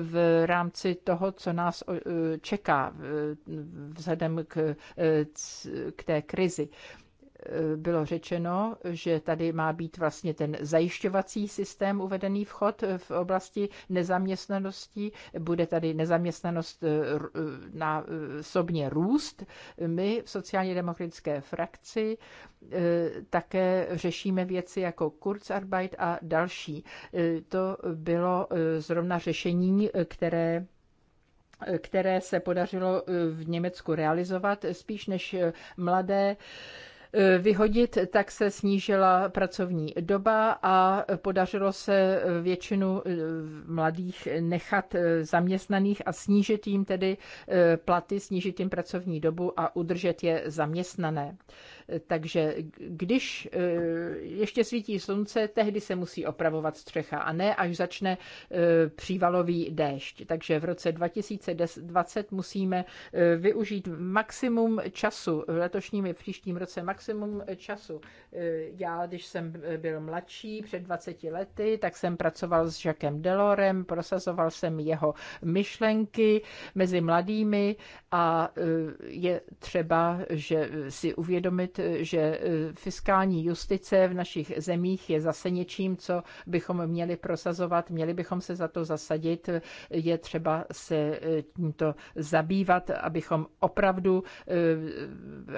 v rámci toho, co nás čeká vzhledem k, k té krizi bylo řečeno, že tady má být vlastně ten zajišťovací systém uvedený vchod v oblasti nezaměstnanosti. Bude tady nezaměstnanost eh, eh, na sobně růst. My v sociálně demokratické frakci eh, také řešíme věci jako Kurzarbeit a další. To bylo zrovna řešení, které které se podařilo v Německu realizovat, spíš než mladé Eh, vyhodit, tak se snížila pracovní doba a podařilo se eh, většinu eh, mladých nechat zaměstnaných a snížit jim tedy platy, snížit jim pracovní dobu a udržet je zaměstnané. Takže když eh, ještě svítí slunce, tehdy se musí opravovat střecha a ne až začne eh, přívalový déšť. Takže v roce 2020 musíme eh, využít maximum času, v letošním i příštím roce maximum času. Já, když jsem byl mladší, před 20 lety, tak jsem pracoval s Jacquem Delorem, prosazoval jsem jeho myšlenky mezi mladými a je třeba, že si uvědomit, uvědomit, že e, fiskální justice v našich zemích je zase něčím, co bychom měli prosazovat, měli bychom se za to zasadit. Je třeba se e, tímto zabývat, abychom opravdu e,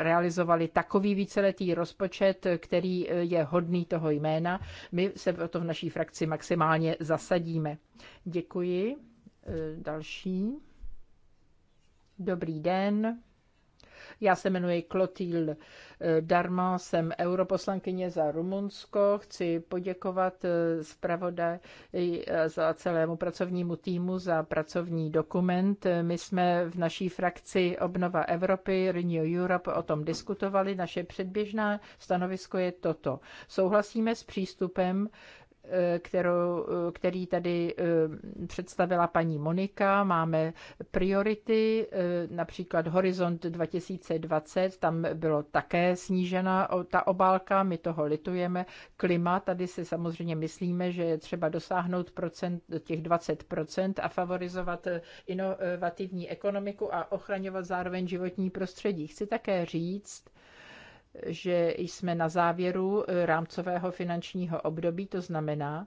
realizovali takový víceletý rozpočet, který je hodný toho jména. My se o to v naší frakci maximálně zasadíme. Děkuji. Další. Dobrý den. Já se jmenuji Clotilde eh, Darma, jsem europoslankyně za Rumunsko. Chci poděkovat eh, zpravodaj eh, za celému pracovnímu týmu za pracovní dokument. My jsme v naší frakci Obnova Evropy, Renew Europe, o tom diskutovali. Naše předběžná stanovisko je toto. Souhlasíme s přístupem kterou, který tady eh, představila paní Monika. Máme priority, eh, například Horizont 2020, tam bylo také snížena ta obálka, my toho litujeme. Klima, tady si samozřejmě myslíme, že je třeba dosáhnout procent, těch 20% a favorizovat eh, inovativní ekonomiku a ochraňovat zároveň životní prostředí. Chci také říct, že jsme na závěru eh, rámcového finančního období, to znamená,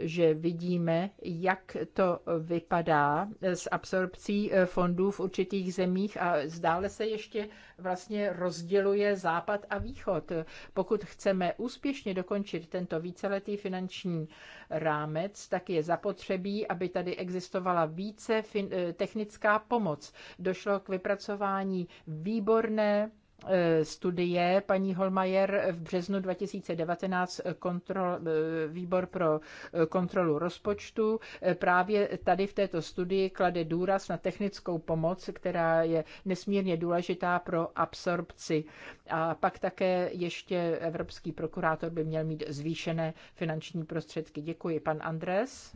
že vidíme, jak to vypadá eh, s absorpcí eh, fondů v určitých zemích a zdále se ještě vlastně rozděluje západ a východ. Pokud chceme úspěšně dokončit tento víceletý finanční rámec, tak je zapotřebí, aby tady existovala více technická pomoc. Došlo k vypracování výborné Eh, studie paní Holmajer v březnu 2019 eh, kontrol, eh, výbor pro kontrolu rozpočtu. Právě tady v této studii klade důraz na technickou pomoc, která je nesmírně důležitá pro absorpci. A pak také ještě evropský prokurátor by měl mít zvýšené finanční prostředky. Děkuji, pan Andres.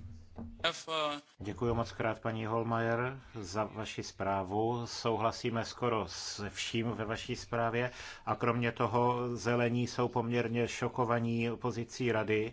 Děkuji moc krát, paní Holmajer, za vaši zprávu. Souhlasíme skoro se vším ve vaší zprávě a kromě toho zelení jsou poměrně šokovaní opozicí rady,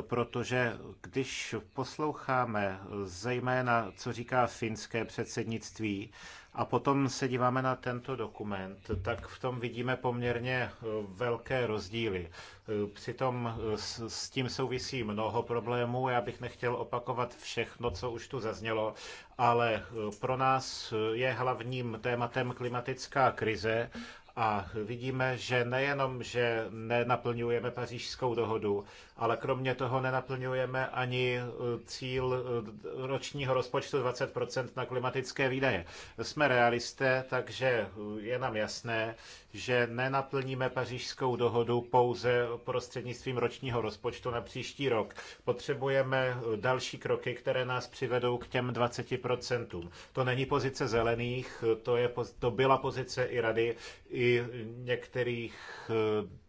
protože když posloucháme zejména, co říká finské předsednictví, a potom se díváme na tento dokument, tak v tom vidíme poměrně eh, velké rozdíly. Eh, přitom eh, s, s tím souvisí mnoho problémů. Já bych nechtěl opakovat všechno, co už tu zaznělo, ale pro nás je hlavním tématem klimatická krize a vidíme, že nejenom, že nenaplňujeme pařížskou dohodu, ale kromě toho nenaplňujeme ani e, cíl e, ročního rozpočtu 20% na klimatické výdaje. Jsme realisté, takže e, je nám jasné, že nenaplníme pařížskou dohodu pouze prostřednictvím ročního rozpočtu na příští rok. Potřebujeme další kroky, které nás přivedou k těm 20%. To není pozice zelených, to, je, to byla pozice i rady, i některých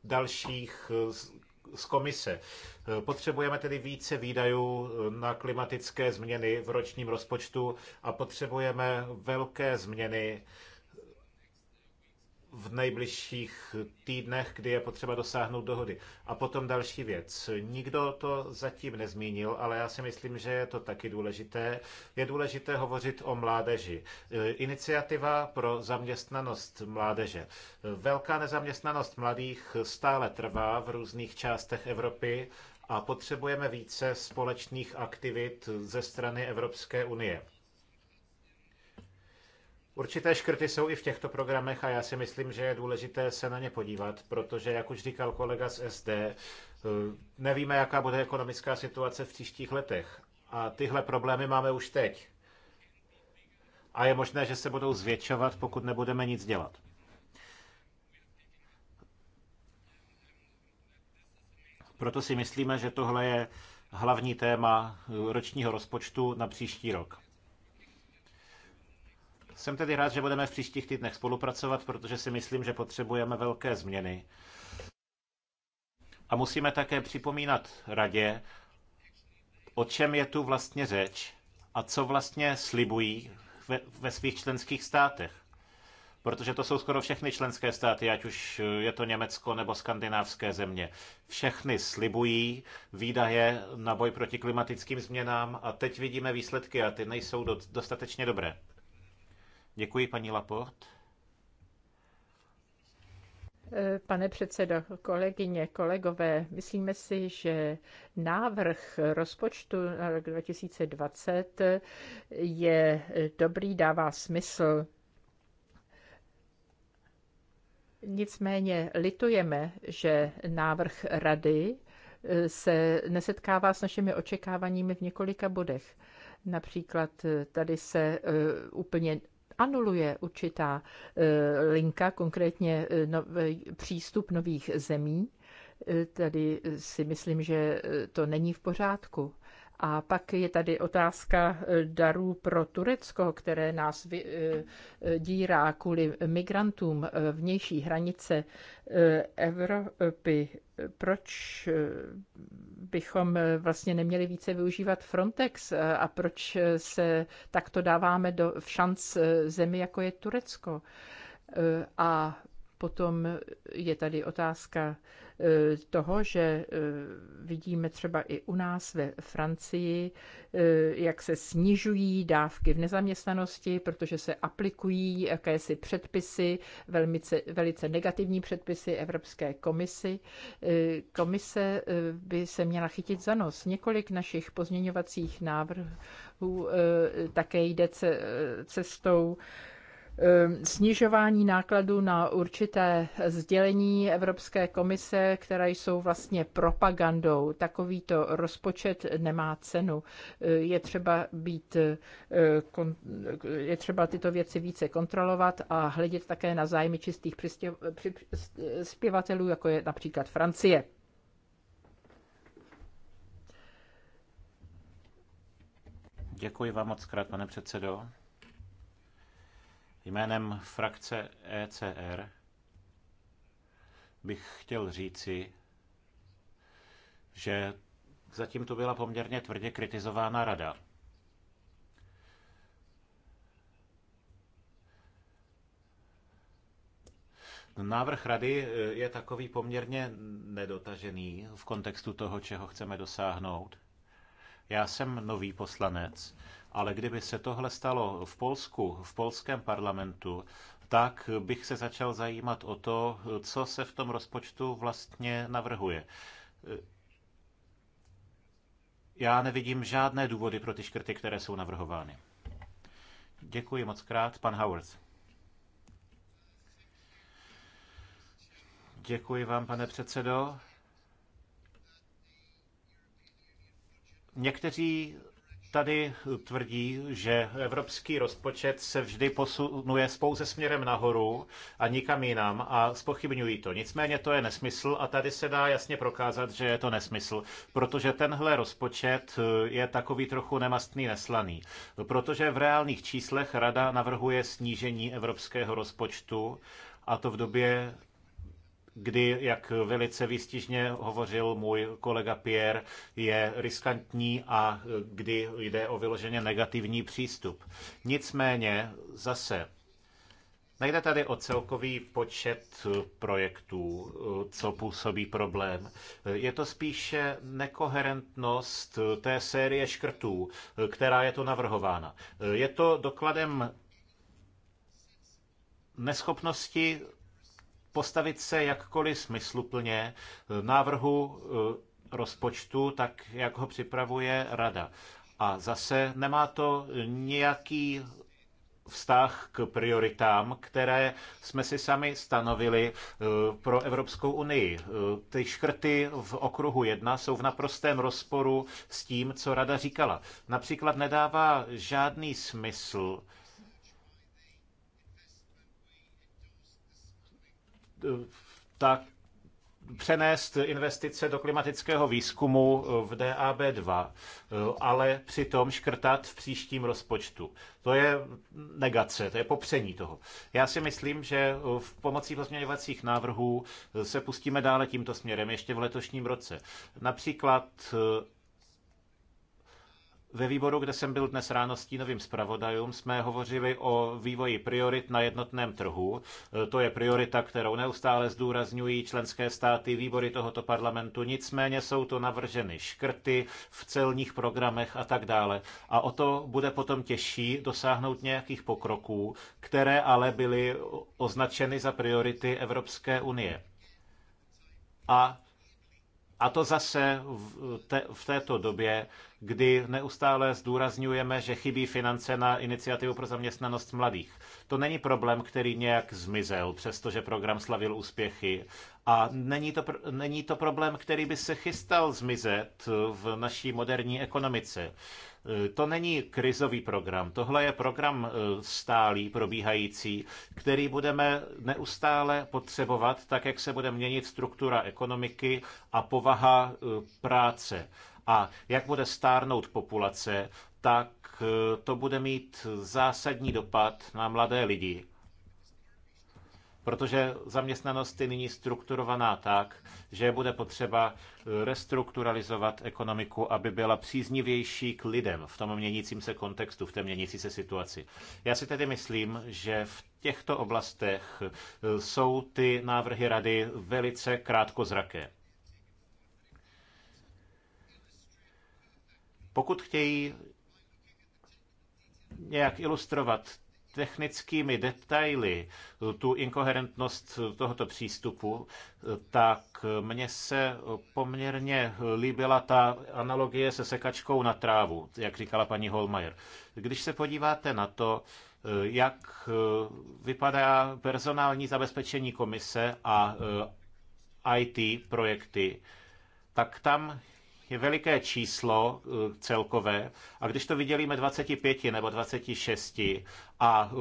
dalších z komise. Potřebujeme tedy více výdajů na klimatické změny v ročním rozpočtu a potřebujeme velké změny v nejbližších týdnech, kdy je potřeba dosáhnout dohody. A potom další věc. Nikdo to zatím nezmínil, ale já si myslím, že je to taky důležité. Je důležité hovořit o mládeži. Iniciativa pro zaměstnanost mládeže. Velká nezaměstnanost mladých stále trvá v různých částech Evropy a potřebujeme více společných aktivit ze strany Evropské unie. Určité škrty jsou i v těchto programech a já si myslím, že je důležité se na ně podívat, protože, jak už říkal kolega z SD, eh, nevíme, jaká bude ekonomická situace v příštích letech. A tyhle problémy máme už teď. A je možné, že se budou zvětšovat, pokud nebudeme nic dělat. Proto si myslíme, že tohle je hlavní téma eh, ročního rozpočtu na příští rok. Jsem tedy rád, že budeme v příštích týdnech spolupracovat, protože si myslím, že potřebujeme velké změny. A musíme také připomínat radě, o čem je tu vlastně řeč a co vlastně slibují ve, ve svých členských státech. Protože to jsou skoro všechny členské státy, ať už je to Německo nebo skandinávské země. Všechny slibují výdaje na boj proti klimatickým změnám a teď vidíme výsledky a ty nejsou dostatečně dobré. Děkuji, paní Laport. Eh, pane předsedo, kolegyně, kolegové, myslíme si, že návrh rozpočtu na rok 2020 je dobrý, dává smysl. Nicméně litujeme, že návrh rady eh, se nesetkává s našimi očekáváními v několika bodech. Například eh, tady se úplně anuluje určitá eh, linka, konkrétně eh, přístup nových zemí. Eh, tady si myslím, že to není v pořádku. A pak je tady otázka e, darů pro Turecko, které nás e, e, dírá kvůli migrantům vnější hranice Evropy. Proč bychom vlastně neměli více využívat Frontex a proč se takto dáváme do v šanc zemi, jako je Turecko? A Potom je tady otázka eh, toho, že eh, vidíme třeba i u nás ve Francii, eh, jak se snižují dávky v nezaměstnanosti, protože se aplikují jakési předpisy, velmi, velice negativní předpisy Evropské komisy. Komise by se měla chytit za nos. Několik našich pozměňovacích návrhů také jde cestou Ehm, snižování nákladů na určité sdělení Evropské komise, které jsou vlastně propagandou. Takovýto rozpočet nemá cenu. Ehm, je třeba, být, ehm, je třeba tyto věci více kontrolovat a hledět také na zájmy čistých přispěvatelů, jako je například Francie. Děkuji vám moc krát, pane předsedo. Jménem frakce ECR bych chtěl říci, že zatím to byla poměrně tvrdě kritizována rada. Návrh rady eh, je takový poměrně nedotažený v kontextu toho, čeho chceme dosáhnout. Já jsem nový poslanec ale kdyby se tohle stalo v Polsku, v polském parlamentu, tak bych se začal zajímat o to, co se v tom rozpočtu vlastně navrhuje. Já nevidím žádné důvody pro ty škrty, které jsou navrhovány. Děkuji moc krát, pan Howard. Děkuji vám, pane předsedo. Někteří tady tvrdí, že evropský rozpočet se vždy posunuje pouze směrem nahoru a nikam jinam a spochybňují to. Nicméně to je nesmysl a tady se dá jasně prokázat, že je to nesmysl, protože tenhle rozpočet je takový trochu nemastný, neslaný. Protože v reálných číslech rada navrhuje snížení evropského rozpočtu a to v době, kdy, jak velice výstižně hovořil můj kolega Pierre, je riskantní a kdy jde o vyloženě negativní přístup. Nicméně zase Nejde tady o celkový počet projektů, co působí problém. Je to spíše nekoherentnost té série škrtů, která je tu navrhována. Je to dokladem neschopnosti postavit se jakkoliv smysluplně návrhu eh, rozpočtu, tak jak ho připravuje rada. A zase nemá to nějaký vztah k prioritám, které jsme si sami stanovili eh, pro Evropskou unii. Eh, ty škrty v okruhu 1 jsou v naprostém rozporu s tím, co rada říkala. Například nedává žádný smysl tak přenést investice do klimatického výzkumu v DAB2, ale přitom škrtat v příštím rozpočtu. To je negace, to je popření toho. Já si myslím, že v pomocí pozměňovacích návrhů se pustíme dále tímto směrem ještě v letošním roce. Například ve výboru, kde jsem byl dnes ráno s stínovým zpravodajům, jsme hovořili o vývoji priorit na jednotném trhu. E, to je priorita, kterou neustále zdůrazňují členské státy, výbory tohoto parlamentu. Nicméně jsou to navrženy škrty v celních programech a tak dále. A o to bude potom těžší dosáhnout nějakých pokroků, které ale byly označeny za priority Evropské unie. A a to zase v, te, v této době, kdy neustále zdůrazňujeme, že chybí finance na iniciativu pro zaměstnanost mladých. To není problém, který nějak zmizel, přestože program slavil úspěchy. A není to, není to problém, který by se chystal zmizet v naší moderní ekonomice. Eh, to není krizový program, tohle je program eh, stálý, probíhající, který budeme neustále potřebovat, tak jak se bude měnit struktura ekonomiky a povaha eh, práce. A jak bude stárnout populace, tak to bude mít zásadní dopad na mladé lidi protože zaměstnanost je nyní strukturovaná tak, že bude potřeba eh, restrukturalizovat ekonomiku, aby byla příznivější k lidem v tom měnícím se kontextu, v té měnící se situaci. Já si tedy myslím, že v těchto oblastech eh, jsou ty návrhy rady velice krátkozraké. Pokud chtějí nějak ilustrovat technickými detaily tu inkoherentnost tohoto přístupu, tak mně se poměrně líbila ta analogie se sekačkou na trávu, jak říkala paní Holmajer. Když se podíváte na to, jak vypadá personální zabezpečení komise a IT projekty, tak tam je veliké číslo eh, celkové a když to vydělíme 25 nebo 26 a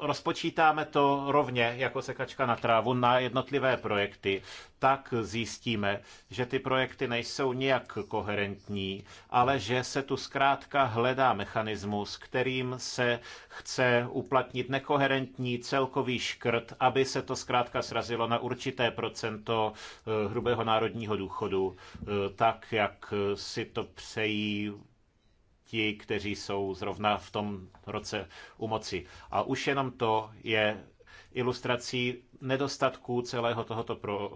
rozpočítáme to rovně jako sekačka na trávu na jednotlivé projekty, tak zjistíme, že ty projekty nejsou nijak koherentní, ale že se tu zkrátka hledá mechanismus, kterým se chce uplatnit nekoherentní celkový škrt, aby se to zkrátka srazilo na určité procento eh, hrubého národního důchodu, eh, tak jak si to přejí ti, kteří jsou zrovna v tom roce u moci. A už jenom to je ilustrací nedostatků celého tohoto, pro,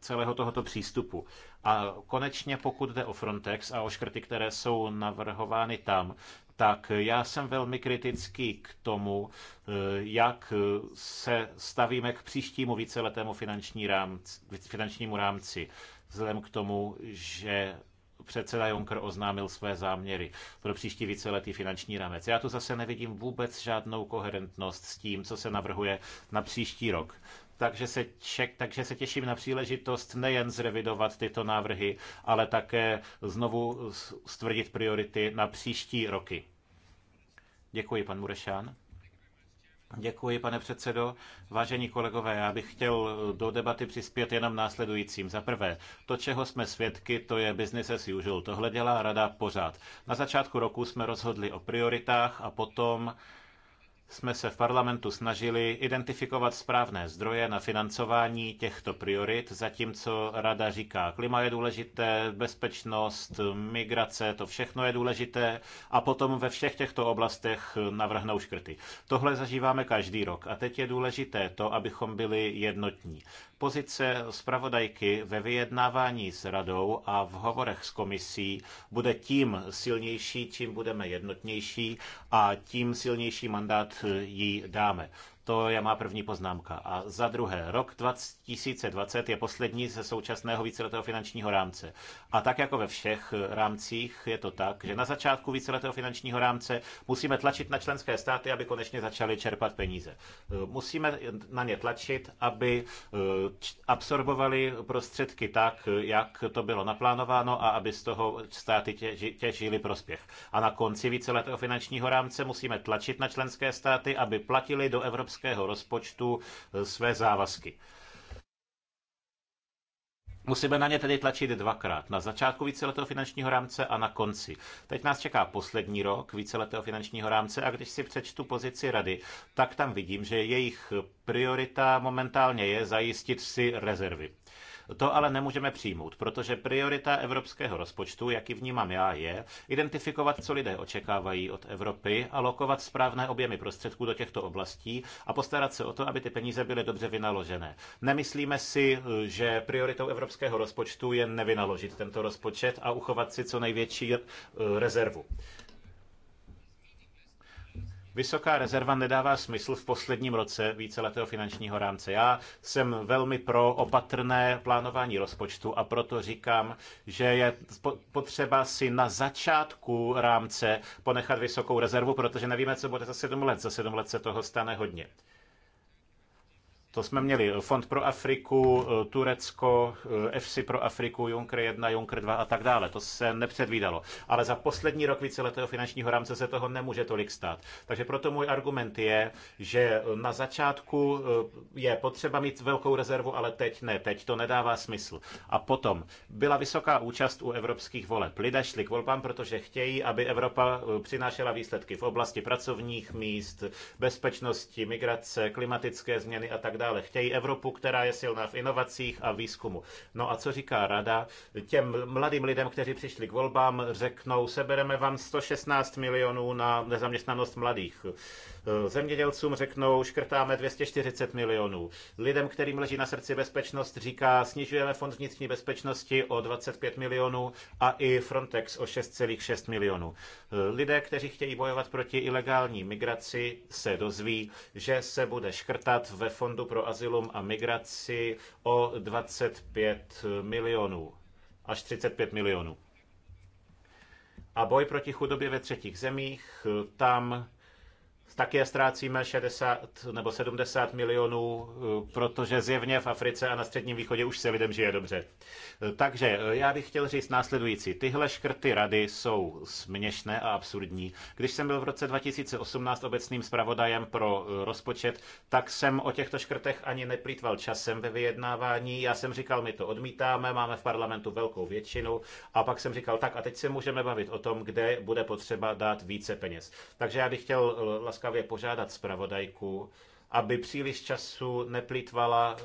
celého tohoto přístupu. A konečně pokud jde o Frontex a o škrty, které jsou navrhovány tam, tak já jsem velmi kritický k tomu, eh, jak se stavíme k příštímu víceletému finanční rámci, finančnímu rámci, vzhledem k tomu, že předseda Juncker oznámil své záměry pro příští víceletý finanční rámec. Já tu zase nevidím vůbec žádnou koherentnost s tím, co se navrhuje na příští rok takže se, ček, takže se těším na příležitost nejen zrevidovat tyto návrhy, ale také znovu stvrdit priority na příští roky. Děkuji, pan Murešán. Děkuji, pane předsedo. Vážení kolegové, já bych chtěl do debaty přispět jenom následujícím. Za prvé, to, čeho jsme svědky, to je business as usual. Tohle dělá rada pořád. Na začátku roku jsme rozhodli o prioritách a potom jsme se v parlamentu snažili identifikovat správné zdroje na financování těchto priorit, zatímco rada říká, klima je důležité, bezpečnost, migrace, to všechno je důležité a potom ve všech těchto oblastech navrhnou škrty. Tohle zažíváme každý rok a teď je důležité to, abychom byli jednotní. Pozice zpravodajky ve vyjednávání s radou a v hovorech s komisí bude tím silnější, čím budeme jednotnější a tím silnější mandát jí dáme. To je má první poznámka. A za druhé, rok 2020 je poslední ze současného víceletého finančního rámce. A tak jako ve všech rámcích je to tak, že na začátku víceletého finančního rámce musíme tlačit na členské státy, aby konečně začaly čerpat peníze. Musíme na ně tlačit, aby eh, absorbovali prostředky tak, jak to bylo naplánováno a aby z toho státy těžili prospěch. A na konci víceletého finančního rámce musíme tlačit na členské státy, aby platili do Evropské evropského rozpočtu eh, své závazky. Musíme na ně tedy tlačit dvakrát. Na začátku víceletého finančního rámce a na konci. Teď nás čeká poslední rok víceletého finančního rámce a když si přečtu pozici rady, tak tam vidím, že jejich priorita momentálně je zajistit si rezervy. To ale nemůžeme přijmout, protože priorita evropského rozpočtu, jak ji vnímám já, je identifikovat, co lidé očekávají od Evropy, alokovat správné objemy prostředků do těchto oblastí a postarat se o to, aby ty peníze byly dobře vynaložené. Nemyslíme si, že prioritou evropského rozpočtu je nevynaložit tento rozpočet a uchovat si co největší eh, rezervu. Vysoká rezerva nedává smysl v posledním roce víceletého finančního rámce. Já jsem velmi pro opatrné plánování rozpočtu a proto říkám, že je potřeba si na začátku rámce ponechat vysokou rezervu, protože nevíme, co bude za sedm let. Za sedm let se toho stane hodně. To jsme měli eh, Fond pro Afriku, eh, Turecko, eh, FC pro Afriku, Juncker 1, Juncker 2 a tak dále. To se nepředvídalo. Ale za poslední rok víceletého finančního rámce se toho nemůže tolik stát. Takže proto můj argument je, že na začátku je potřeba mít velkou rezervu, ale teď ne, teď to nedává smysl. A potom byla vysoká účast u evropských voleb. Lidé šli k volbám, protože chtějí, aby Evropa přinášela výsledky v oblasti pracovních míst, bezpečnosti, migrace, klimatické změny a tak dále dále. Chtějí Evropu, která je silná v inovacích a výzkumu. No a co říká rada? Těm mladým lidem, kteří přišli k volbám, řeknou, sebereme vám 116 milionů na nezaměstnanost mladých. Eh, zemědělcům řeknou, škrtáme 240 milionů. Lidem, kterým leží na srdci bezpečnost, říká, snižujeme fond vnitřní bezpečnosti o 25 milionů a i Frontex o 6,6 milionů. Eh, lidé, kteří chtějí bojovat proti ilegální migraci, se dozví, že se bude škrtat ve Fondu pro azylum a migraci o 25 milionů až 35 milionů. A boj proti chudobě ve třetích zemích, eh, tam také ztrácíme 60 nebo 70 milionů, eh, protože zjevně v Africe a na Středním východě už se lidem žije dobře. Eh, takže eh, já bych chtěl říct následující. Tyhle škrty rady jsou směšné a absurdní. Když jsem byl v roce 2018 obecným zpravodajem pro rozpočet, tak jsem o těchto škrtech ani neplýtval časem ve vyjednávání. Já jsem říkal, my to odmítáme, máme v parlamentu velkou většinu a pak jsem říkal, tak a teď se můžeme bavit o tom, kde bude potřeba dát více peněz. Takže já bych chtěl laskavě požádat zpravodajku, aby příliš času neplýtvala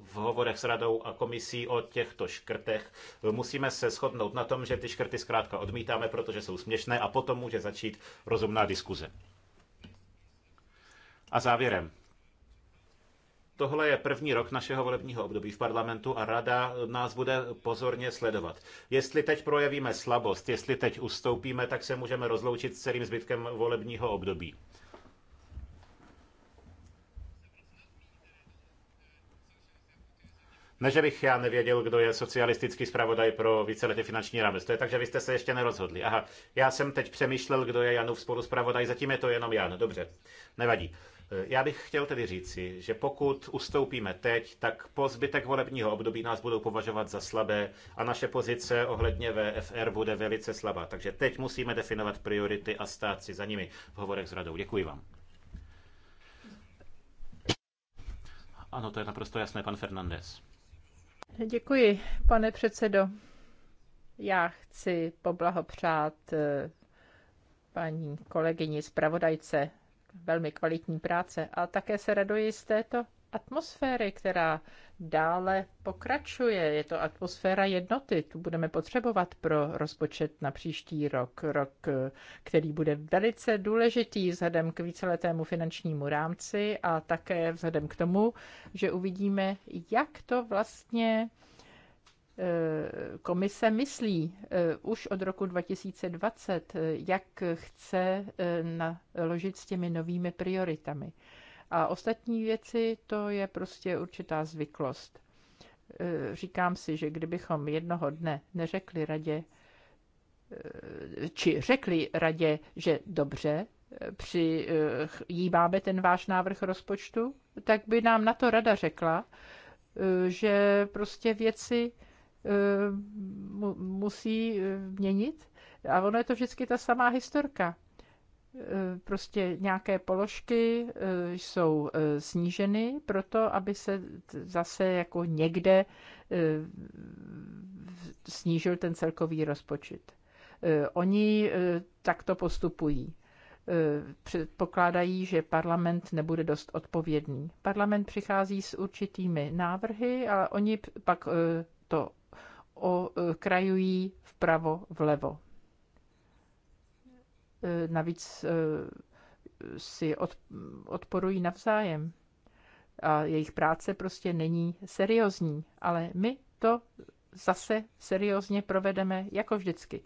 v hovorech s radou a komisí o těchto škrtech. Musíme se shodnout na tom, že ty škrty zkrátka odmítáme, protože jsou směšné a potom může začít rozumná diskuze. A závěrem. Tohle je první rok našeho volebního období v parlamentu a rada nás bude pozorně sledovat. Jestli teď projevíme slabost, jestli teď ustoupíme, tak se můžeme rozloučit s celým zbytkem volebního období. Ne, že bych já nevěděl, kdo je socialistický zpravodaj pro víceletý finanční rámec. To je tak, že vy jste se ještě nerozhodli. Aha, já jsem teď přemýšlel, kdo je Janův zpravodaj, zatím je to jenom Jan. Dobře, nevadí. Eh, já bych chtěl tedy říci, že pokud ustoupíme teď, tak po zbytek volebního období nás budou považovat za slabé a naše pozice ohledně VFR bude velice slabá. Takže teď musíme definovat priority a stát si za nimi v hovorech s radou. Děkuji vám. Ano, to je naprosto jasné, pan Fernandez. Děkuji, pane předsedo. Já chci poblahopřát eh, paní kolegyni zpravodajce velmi kvalitní práce a také se raduji z této atmosféry, která dále pokračuje. Je to atmosféra jednoty. Tu budeme potřebovat pro rozpočet na příští rok. Rok, který bude velice důležitý vzhledem k víceletému finančnímu rámci a také vzhledem k tomu, že uvidíme, jak to vlastně eh, komise myslí eh, už od roku 2020, jak chce eh, naložit s těmi novými prioritami. A ostatní věci, to je prostě určitá zvyklost. E, říkám si, že kdybychom jednoho dne neřekli radě, e, či řekli radě, že dobře, e, přijímáme ten váš návrh rozpočtu, tak by nám na to rada řekla, že prostě věci musí měnit. A ono je to vždycky ta samá historka. Eh, prostě nějaké položky eh, jsou eh, sníženy proto, aby se zase jako někde snížil ten celkový rozpočet. Oni takto postupují. Předpokládají, že parlament nebude dost odpovědný. Parlament přichází s určitými návrhy, ale oni pak to okrajují vpravo, vlevo Eh, navíc eh, si odporují navzájem a jejich práce prostě není seriózní, ale my to zase seriózně provedeme jako vždycky.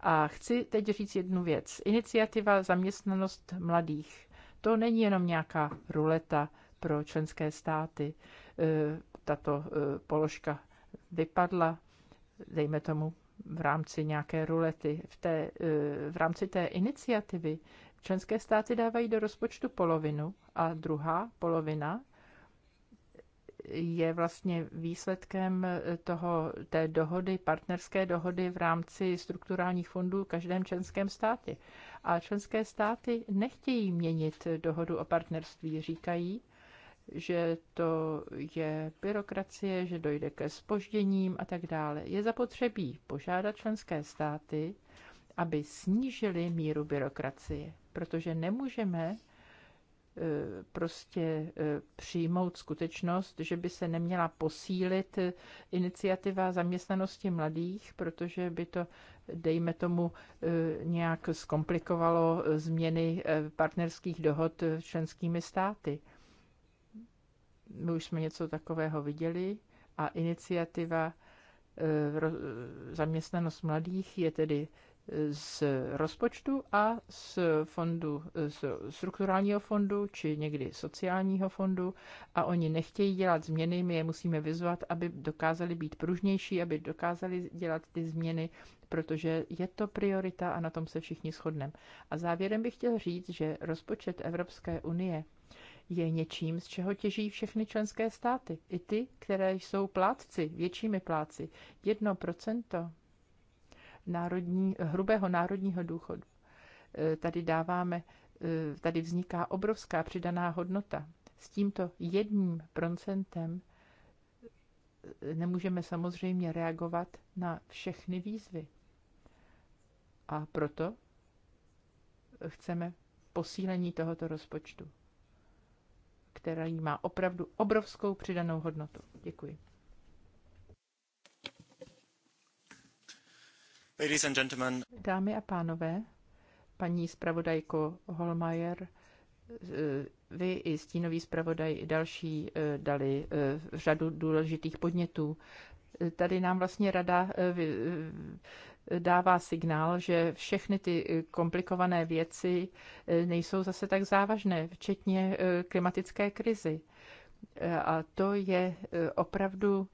A chci teď říct jednu věc. Iniciativa zaměstnanost mladých. To není jenom nějaká ruleta pro členské státy. Eh, tato položka vypadla, dejme tomu v rámci nějaké rulety. V, té, e, v rámci té iniciativy členské státy dávají do rozpočtu polovinu a druhá polovina je vlastně výsledkem toho, té dohody, partnerské dohody v rámci strukturálních fondů v každém členském státě. A členské státy nechtějí měnit dohodu o partnerství, říkají, že to je byrokracie, že dojde ke spožděním a tak dále. Je zapotřebí požádat členské státy, aby snížili míru byrokracie, protože nemůžeme eh, prostě eh, přijmout skutečnost, že by se neměla posílit eh, iniciativa zaměstnanosti mladých, protože by to, dejme tomu, nějak zkomplikovalo změny partnerských dohod členskými státy. My už jsme něco takového viděli a iniciativa e, zaměstnanost mladých je tedy e, z rozpočtu a z fondu, e, z strukturálního fondu či někdy sociálního fondu a oni nechtějí dělat změny, my je musíme vyzvat, aby dokázali být pružnější, aby dokázali dělat ty změny, protože je to priorita a na tom se všichni shodneme. A závěrem bych chtěl říct, že rozpočet Evropské unie je něčím, z čeho těží všechny členské státy. I ty, které jsou plátci, většími pláci. Jedno procento národní, hrubého národního důchodu. E, tady dáváme, e, tady vzniká obrovská přidaná hodnota. S tímto jedním procentem e, nemůžeme samozřejmě reagovat na všechny výzvy. A proto chceme posílení tohoto rozpočtu který má opravdu obrovskou přidanou hodnotu. Děkuji. Dámy a pánové, paní zpravodajko Holmajer, eh, vy i stínový zpravodaj i další eh, dali eh, řadu důležitých podnětů. Tady nám vlastně rada dává signál, že všechny ty eh, komplikované věci eh, nejsou zase tak závažné, včetně eh, klimatické krizi. A to je opravdu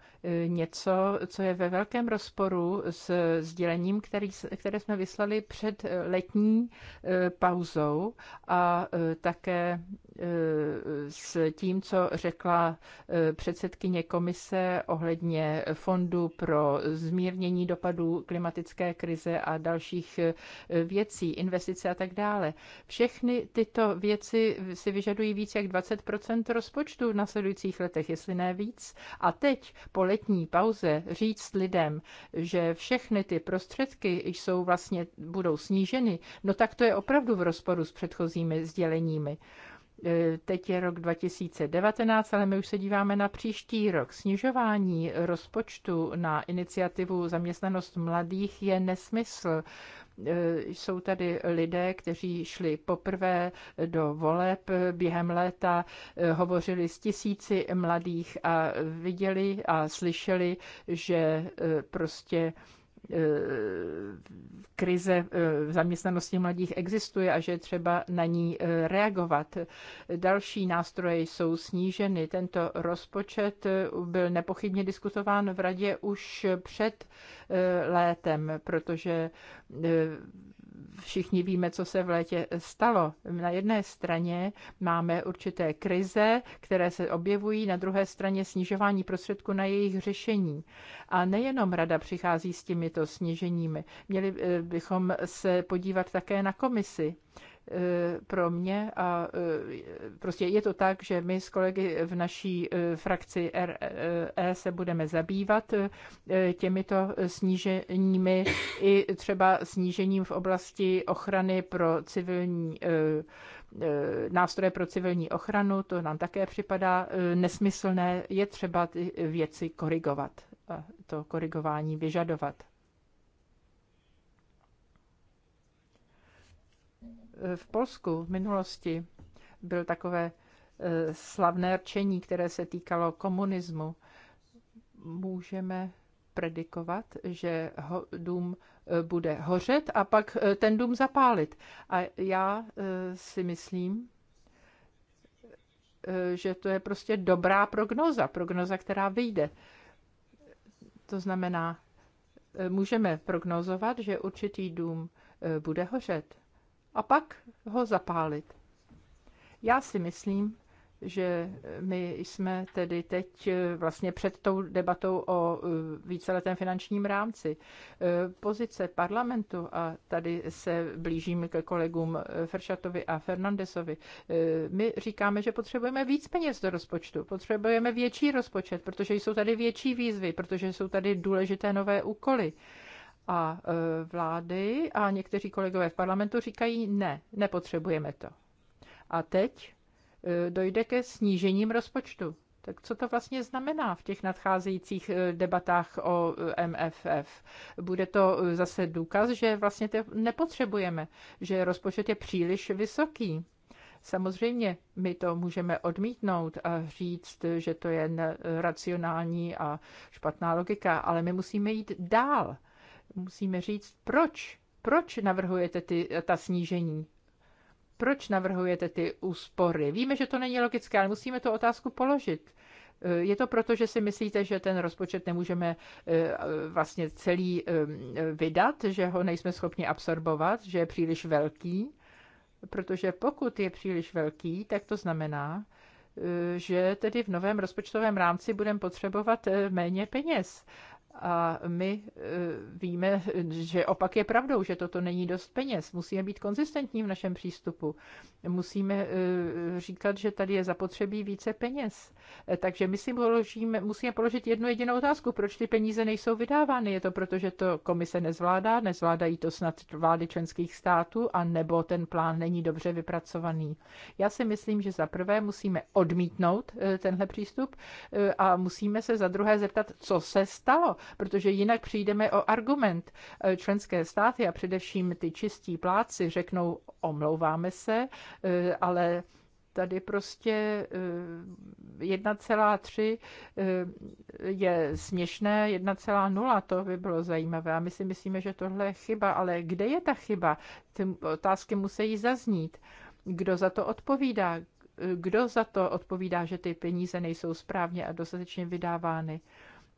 něco, co je ve velkém rozporu s sdělením, který, které jsme vyslali před letní pauzou a také s tím, co řekla eh, předsedkyně komise ohledně fondu pro zmírnění dopadů klimatické krize a dalších eh, věcí, investice a tak dále. Všechny tyto věci si vyžadují víc jak 20 rozpočtu v následujících letech, jestli ne víc. A teď po letní pauze říct lidem, že všechny ty prostředky jsou vlastně budou sníženy, no tak to je opravdu v rozporu s předchozími sděleními. E, teď je rok 2019, ale my už se díváme na příští rok. Snižování rozpočtu na iniciativu zaměstnanost mladých je nesmysl e, jsou tady lidé, kteří šli poprvé do voleb během léta, e, hovořili s tisíci mladých a viděli a slyšeli, že prostě Eh, krize v eh, zaměstnanosti mladých existuje a že je třeba na ní eh, reagovat. Další nástroje jsou sníženy. Tento rozpočet byl nepochybně diskutován v radě už před létem, protože všichni víme, co se v létě stalo. Na jedné straně máme určité krize, které se objevují, na druhé straně snižování prostředků na jejich řešení. A nejenom rada přichází s těmito sniženími. Měli eh, bychom se podívat také na komisi. Eh, pro mě a eh, prostě je to tak, že my s kolegy v naší eh, frakci RE se budeme zabývat těmito sníženími i třeba snížením v oblasti ochrany pro civilní nástroje pro civilní ochranu, to nám také připadá nesmyslné, je třeba ty věci korigovat, a to korigování vyžadovat. v Polsku v minulosti byl takové e, slavné rčení, které se týkalo komunismu. Můžeme predikovat, že ho, dům e, bude hořet a pak e, ten dům zapálit. A já si myslím, že to je prostě dobrá prognoza, prognoza, která vyjde. To znamená, můžeme prognozovat, že určitý dům bude hořet a pak ho zapálit. Já si myslím, že my jsme tedy teď eh, vlastně před tou debatou o eh, víceletém finančním rámci. Eh, pozice parlamentu, a tady se blížím ke kolegům Fršatovi a Fernandesovi, my říkáme, že potřebujeme víc peněz do rozpočtu, potřebujeme větší rozpočet, protože jsou tady větší výzvy, protože jsou tady důležité nové úkoly. A e, vlády a někteří kolegové v parlamentu říkají, ne, nepotřebujeme to. A teď e, dojde ke snížením rozpočtu. Tak co to vlastně znamená v těch nadcházejících e, debatách o MFF? Bude to zase důkaz, že vlastně to nepotřebujeme, že rozpočet je příliš vysoký. Samozřejmě my to můžeme odmítnout a říct, že to je racionální a špatná logika, ale my musíme jít dál musíme říct, proč, proč navrhujete ty, ta snížení? Proč navrhujete ty úspory? Víme, že to není logické, ale musíme tu otázku položit. Eh, je to proto, že si myslíte, že ten rozpočet nemůžeme eh, vlastně celý ehm, vydat, že ho nejsme schopni absorbovat, že je příliš velký? Protože pokud je příliš velký, tak to znamená, eh, že tedy v novém rozpočtovém rámci budeme potřebovat méně peněz. A my eh, víme, že opak je pravdou, že toto není dost peněz. Musíme být konzistentní v našem přístupu. Musíme eh, říkat, že tady je zapotřebí více peněz. Eh, takže my si položíme, musíme položit jednu jedinou otázku. Proč ty peníze nejsou vydávány? Je to proto, že to komise nezvládá, nezvládají to snad vlády členských států, a nebo ten plán není dobře vypracovaný. Já si myslím, že za prvé musíme odmítnout tenhle přístup a musíme se za druhé zeptat, co se stalo protože jinak přijdeme o argument. Eh, členské státy a především ty čistí pláci řeknou, omlouváme se, eh, ale tady prostě 1,3 eh, je směšné, 1,0 to by bylo zajímavé. A my si myslíme, že tohle je chyba, ale kde je ta chyba? Ty otázky musí zaznít. Kdo za to odpovídá? Kdo za to odpovídá, že ty peníze nejsou správně a dostatečně vydávány?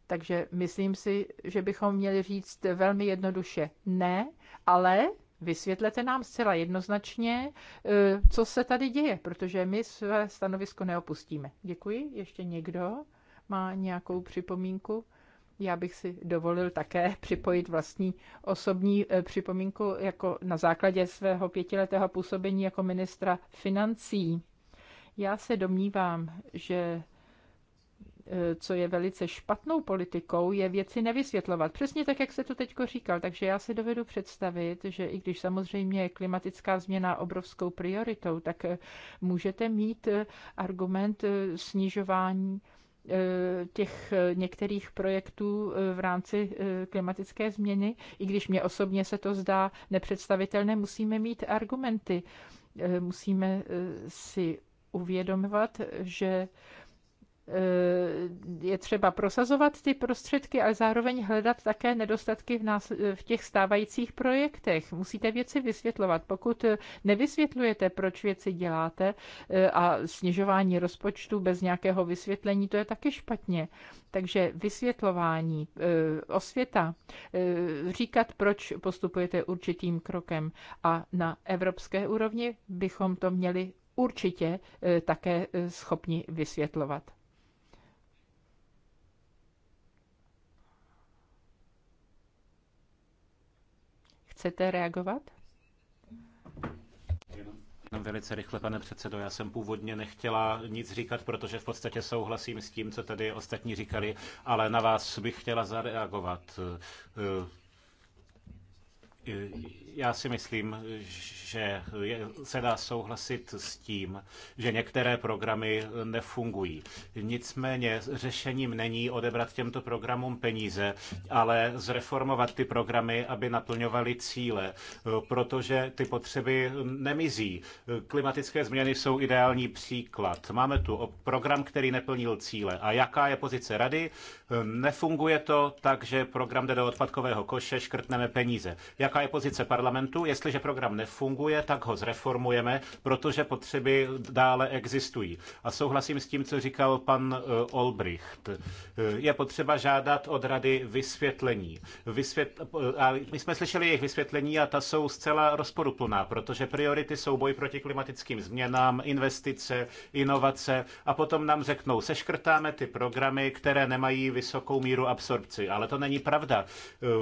Takže myslím si, že bychom měli říct velmi jednoduše ne, ale vysvětlete nám zcela jednoznačně, e, co se tady děje, protože my své stanovisko neopustíme. Děkuji. Ještě někdo má nějakou připomínku? Já bych si dovolil také připojit vlastní osobní e, připomínku jako na základě svého pětiletého působení jako ministra financí. Já se domnívám, že Eh, co je velice špatnou politikou, je věci nevysvětlovat. Přesně tak, jak se to teď říkal. Takže já si dovedu představit, že i když samozřejmě je klimatická změna obrovskou prioritou, tak eh, můžete mít eh, argument snižování těch některých projektů v rámci klimatické změny. I když mě osobně se to zdá nepředstavitelné, musíme mít argumenty. Musíme si uvědomovat, že Eh, je třeba prosazovat ty prostředky, ale zároveň hledat také nedostatky v, nás, eh, v těch stávajících projektech. Musíte věci vysvětlovat. Pokud eh, nevysvětlujete, proč věci děláte a snižování rozpočtu bez nějakého vysvětlení, to je taky špatně. Takže vysvětlování, osvěta, říkat, proč postupujete určitým krokem. A na evropské úrovni bychom to měli určitě také schopni vysvětlovat. Chcete reagovat? Jenom velice rychle, pane předsedo, já jsem původně nechtěla nic říkat, protože v podstatě souhlasím s tím, co tady ostatní říkali, ale na vás bych chtěla zareagovat. Já si myslím, že se dá souhlasit s tím, že některé programy nefungují. Nicméně řešením není odebrat těmto programům peníze, ale zreformovat ty programy, aby naplňovaly cíle, protože ty potřeby nemizí. Klimatické změny jsou ideální příklad. Máme tu program, který neplnil cíle. A jaká je pozice rady? Nefunguje to, takže program jde do odpadkového koše, škrtneme peníze. Jak jaká je pozice parlamentu. Jestliže program nefunguje, tak ho zreformujeme, protože potřeby dále existují. A souhlasím s tím, co říkal pan eh, Olbricht. Eh, je potřeba žádat od rady vysvětlení. Vysvět... Eh, a my jsme slyšeli jejich vysvětlení a ta jsou zcela rozporuplná, protože priority jsou boj proti klimatickým změnám, investice, inovace a potom nám řeknou, seškrtáme ty programy, které nemají vysokou míru absorpci. Ale to není pravda.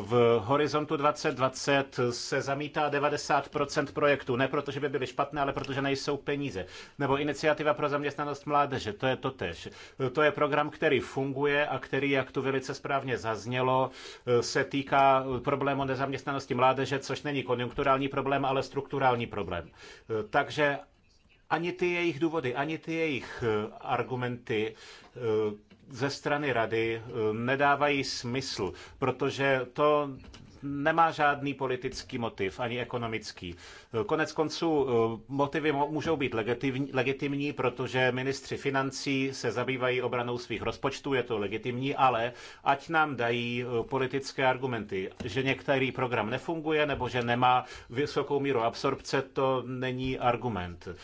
V horizontu 2020 rozpočet se zamítá 90% projektů. Ne proto, že by byly špatné, ale protože nejsou peníze. Nebo iniciativa pro zaměstnanost mládeže, to je to tež. To je program, který funguje a který, jak tu velice správně zaznělo, se týká problému nezaměstnanosti mládeže, což není konjunkturální problém, ale strukturální problém. Takže ani ty jejich důvody, ani ty jejich eh, argumenty eh, ze strany rady eh, nedávají smysl, protože to nemá žádný politický motiv, ani ekonomický. Konec konců eh, motivy můžou být legitimní, legitimní, protože ministři financí se zabývají obranou svých rozpočtů, je to legitimní, ale ať nám dají eh, politické argumenty, že některý program nefunguje nebo že nemá vysokou míru absorpce, to není argument. Eh,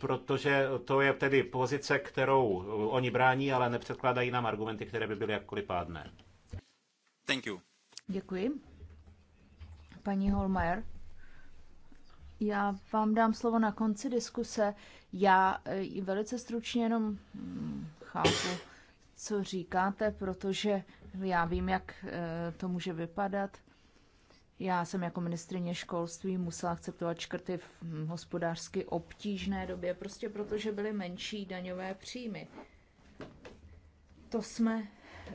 protože to je tedy pozice, kterou oni brání, ale nepředkládají nám argumenty, které by byly jakkoliv pádné. Thank you. Děkuji. Paní Holmeier, já vám dám slovo na konci diskuse. Já eh, velice stručně jenom mm, chápu, co říkáte, protože já vím, jak eh, to může vypadat. Já jsem jako ministrině školství musela akceptovat škrty v hm, hospodářsky obtížné době, prostě protože byly menší daňové příjmy. To jsme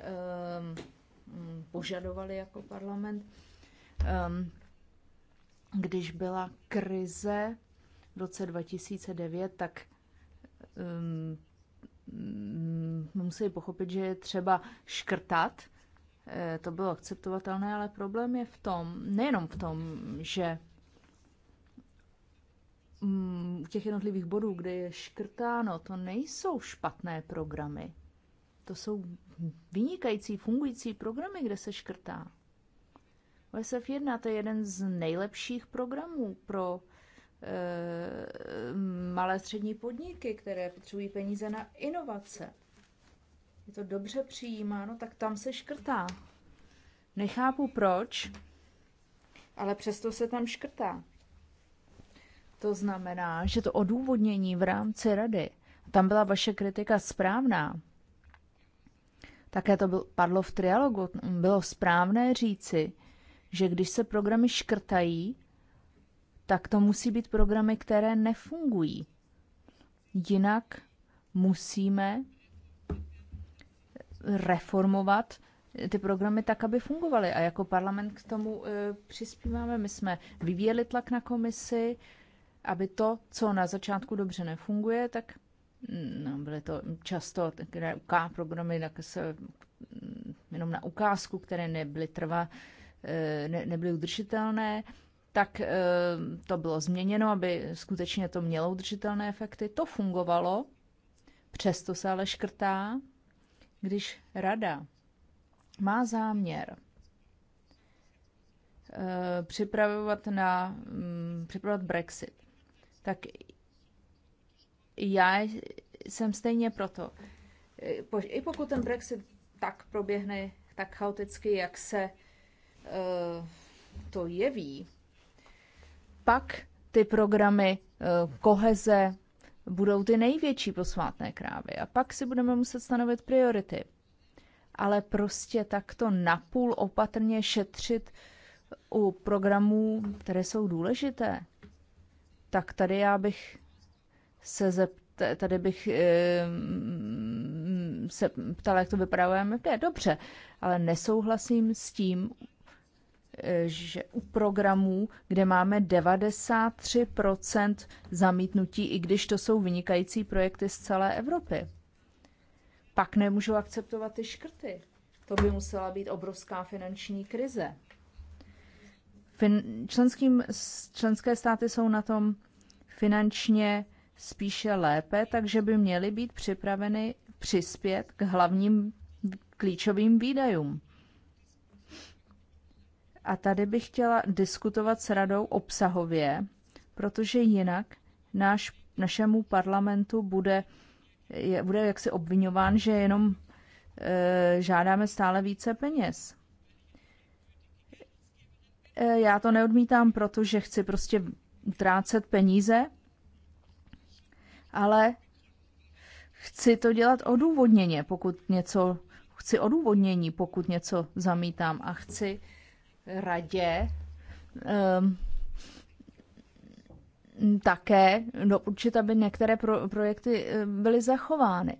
um, požadovali jako parlament. Když byla krize v roce 2009, tak mm, musí pochopit, že je třeba škrtat. Eh, to bylo akceptovatelné, ale problém je v tom, nejenom v tom, že u mm, těch jednotlivých bodů, kde je škrtáno, to nejsou špatné programy. To jsou vynikající, fungující programy, kde se škrtá. OSF1 to je jeden z nejlepších programů pro e, malé střední podniky, které potřebují peníze na inovace. Je to dobře přijímáno, tak tam se škrtá. Nechápu proč, ale přesto se tam škrtá. To znamená, že to odůvodnění v rámci rady, tam byla vaše kritika správná, také to byl, padlo v trialogu, bylo správné říci, že když se programy škrtají, tak to musí být programy, které nefungují. Jinak musíme reformovat ty programy tak, aby fungovaly. A jako parlament k tomu e, přispíváme. My jsme vyvíjeli tlak na komisi, aby to, co na začátku dobře nefunguje, tak mm, no, byly to často které UK programy, tak se mm, jenom na ukázku, které nebyly trvá, Eh, ne, nebyly udržitelné, tak eh, to bylo změněno, aby skutečně to mělo udržitelné efekty. To fungovalo, přesto se ale škrtá, když rada má záměr eh, připravovat na mm, připravovat Brexit, tak já jsem stejně proto. I pokud ten Brexit tak proběhne tak chaoticky, jak se Eh, to jeví, pak ty programy eh, koheze budou ty největší posvátné krávy a pak si budeme muset stanovit priority. Ale prostě takto napůl opatrně šetřit u programů, které jsou důležité, tak tady já bych se zeptala, tady bych eh, mm, se ptala, jak to vypadá Dobře, ale nesouhlasím s tím že u programů, kde máme 93% zamítnutí, i když to jsou vynikající projekty z celé Evropy. Pak nemůžu akceptovat ty škrty. To by musela být obrovská finanční krize. Fin- členským, členské státy jsou na tom finančně spíše lépe, takže by měly být připraveny přispět k hlavním klíčovým výdajům. A tady bych chtěla diskutovat s radou obsahově, protože jinak náš, našemu parlamentu bude, je, bude jaksi obvinován, že jenom e, žádáme stále více peněz. E, já to neodmítám, protože chci prostě utrácet peníze, ale chci to dělat odůvodněně, pokud něco, chci odůvodnění, pokud něco zamítám a chci radě ehm, také doporučit, no, aby některé pro, projekty ehm, byly zachovány.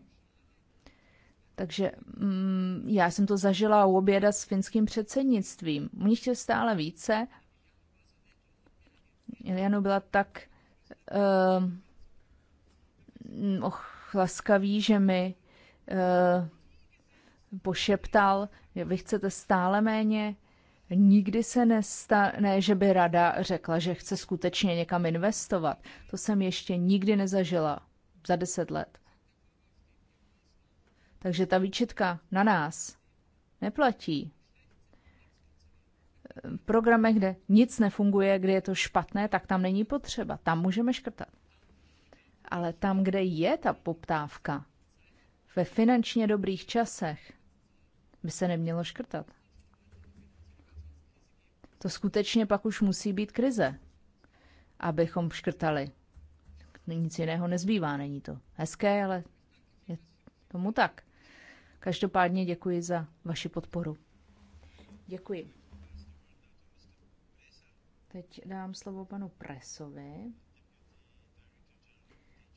Takže mm, já jsem to zažila u oběda s finským předsednictvím. U nich stále více. Jelianu byla tak uh, och, laskavý, že mi uh, pošeptal, že vy chcete stále méně Nikdy se nestane, že by rada řekla, že chce skutečně někam investovat. To jsem ještě nikdy nezažila za deset let. Takže ta výčetka na nás neplatí. V programech, kde nic nefunguje, kde je to špatné, tak tam není potřeba. Tam můžeme škrtat. Ale tam, kde je ta poptávka, ve finančně dobrých časech, by se nemělo škrtat to skutečně pak už musí být krize, abychom škrtali. Nic jiného nezbývá, není to hezké, ale je tomu tak. Každopádně děkuji za vaši podporu. Děkuji. Teď dám slovo panu Presovi.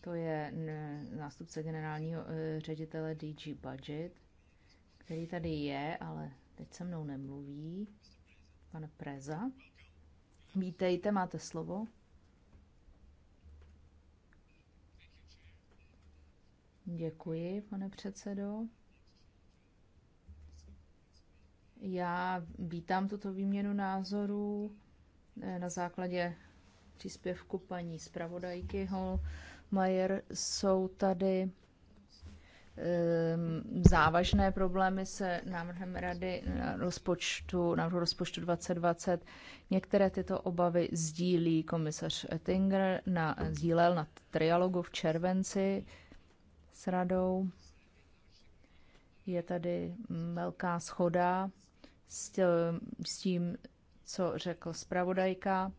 To je nástupce generálního eh, ředitele DG Budget, který tady je, ale teď se mnou nemluví. Pane Preza. Vítejte, máte slovo. Děkuji, pane předsedo. Já vítám tuto výměnu názorů eh, na základě příspěvku paní zpravodajky Majer Jsou tady Ehm, závažné problémy se návrhem Rady na rozpočtu, návrhu rozpočtu 2020. Některé tyto obavy sdílí komisař Ettinger, na, sdílel na trialogu v červenci s radou. Je tady velká schoda s, s tím, co řekl zpravodajka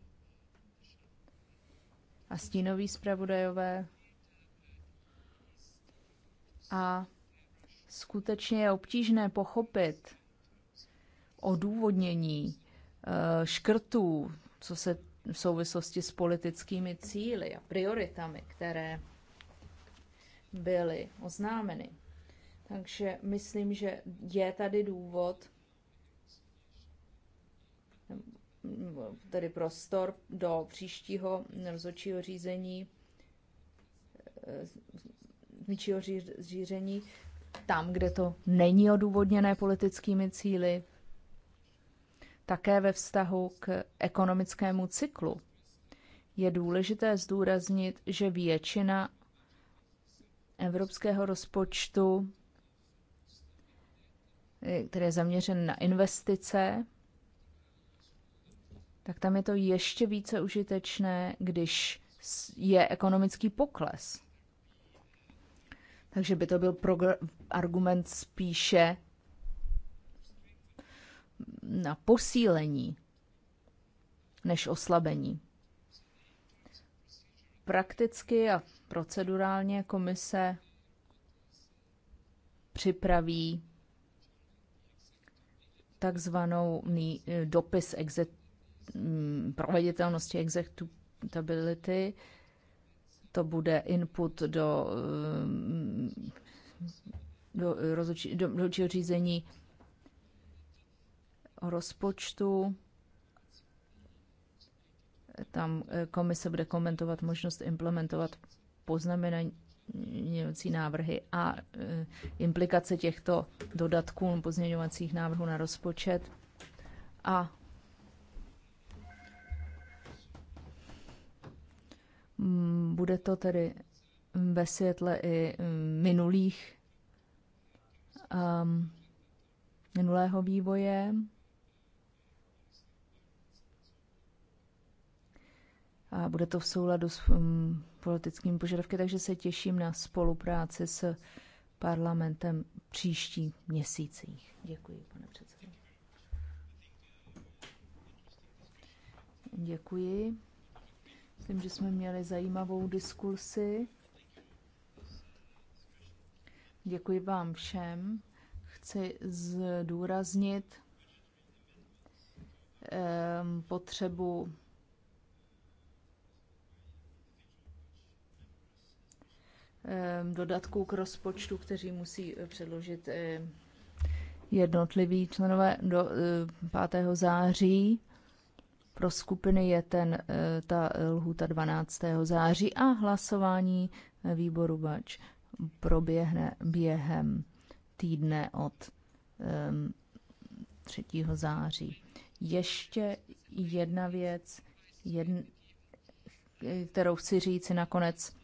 a stínový zpravodajové a skutečně je obtížné pochopit odůvodnění eh, škrtů, co se v souvislosti s politickými cíly a prioritami, které byly oznámeny. Takže myslím, že je tady důvod, tedy prostor do příštího rozhodčího řízení eh, ničího řízení tam, kde to není odůvodněné politickými cíly, také ve vztahu k ekonomickému cyklu. Je důležité zdůraznit, že většina evropského rozpočtu, eh, který je zaměřen na investice, tak tam je to ještě více užitečné, když je ekonomický pokles. Takže by to byl argument spíše na posílení než oslabení. Prakticky a procedurálně komise připraví takzvanou dopis exe- proveditelnosti executability, to bude input do, eh, do, rozhodčí, do, do řízení rozpočtu. Tam eh, komise bude komentovat možnost implementovat poznamenací návrhy a eh, implikace těchto dodatků pozměňovacích návrhů na rozpočet. A Mm, bude to tedy ve světle i mm, minulých um, minulého vývoje. A bude to v souladu s um, politickými požadavky, takže se těším na spolupráci s parlamentem příští měsících. Děkuji, pane předsedo. Děkuji. Myslím, že jsme měli zajímavou diskusi. Děkuji vám všem. Chci zdůraznit ehm, potřebu ehm, dodatků k rozpočtu, kteří musí předložit ehm, jednotliví členové do 5. září. Pro skupiny je ten, eh, ta lhůta 12. září a hlasování eh, výboru BAČ proběhne během týdne od 3. Ehm, září. Ještě jedna věc, jedn, kterou chci říct nakonec.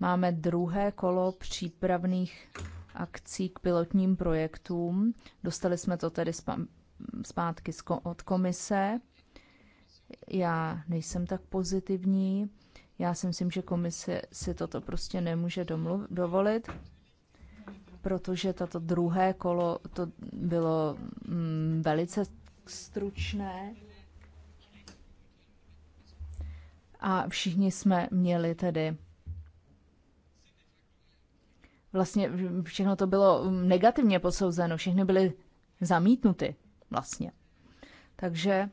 Máme druhé kolo přípravných akcí k pilotním projektům. Dostali jsme to tedy zpátky od komise. Já nejsem tak pozitivní. Já si myslím, že komise si toto prostě nemůže domluv, dovolit, protože tato druhé kolo to bylo mm, velice stručné. A všichni jsme měli tedy vlastně všechno to bylo negativně posouzeno, všechny byly zamítnuty vlastně. Takže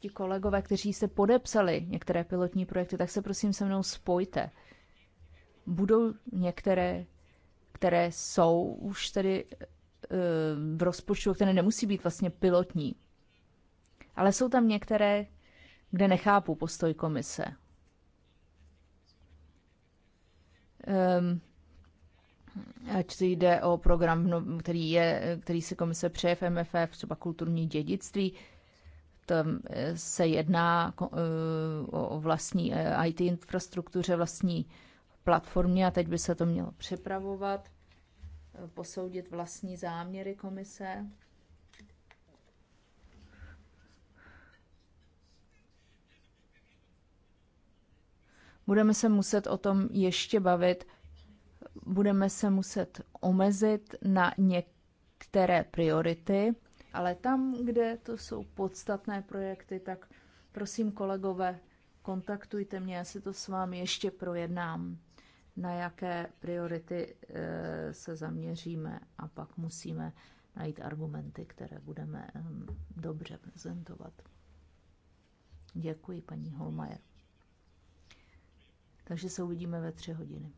ti kolegové, kteří se podepsali některé pilotní projekty, tak se prosím se mnou spojte. Budou některé, které jsou už tedy eh, v rozpočtu, které nemusí být vlastně pilotní. Ale jsou tam některé, kde nechápu postoj komise. Um, ať se jde o program, no, který, je, který si komise přeje v MFF, třeba kulturní dědictví, se jedná eh, o vlastní eh, IT infrastruktuře, vlastní platformě a teď by se to mělo připravovat, eh, posoudit vlastní záměry komise. Budeme se muset o tom ještě bavit, budeme se muset omezit na některé priority, ale tam, kde to jsou podstatné projekty, tak prosím kolegové, kontaktujte mě, já si to s vámi ještě projednám, na jaké priority eh, se zaměříme a pak musíme najít argumenty, které budeme ehm, dobře prezentovat. Děkuji, paní Holmajer. Takže se uvidíme ve tři hodiny.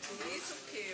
Isso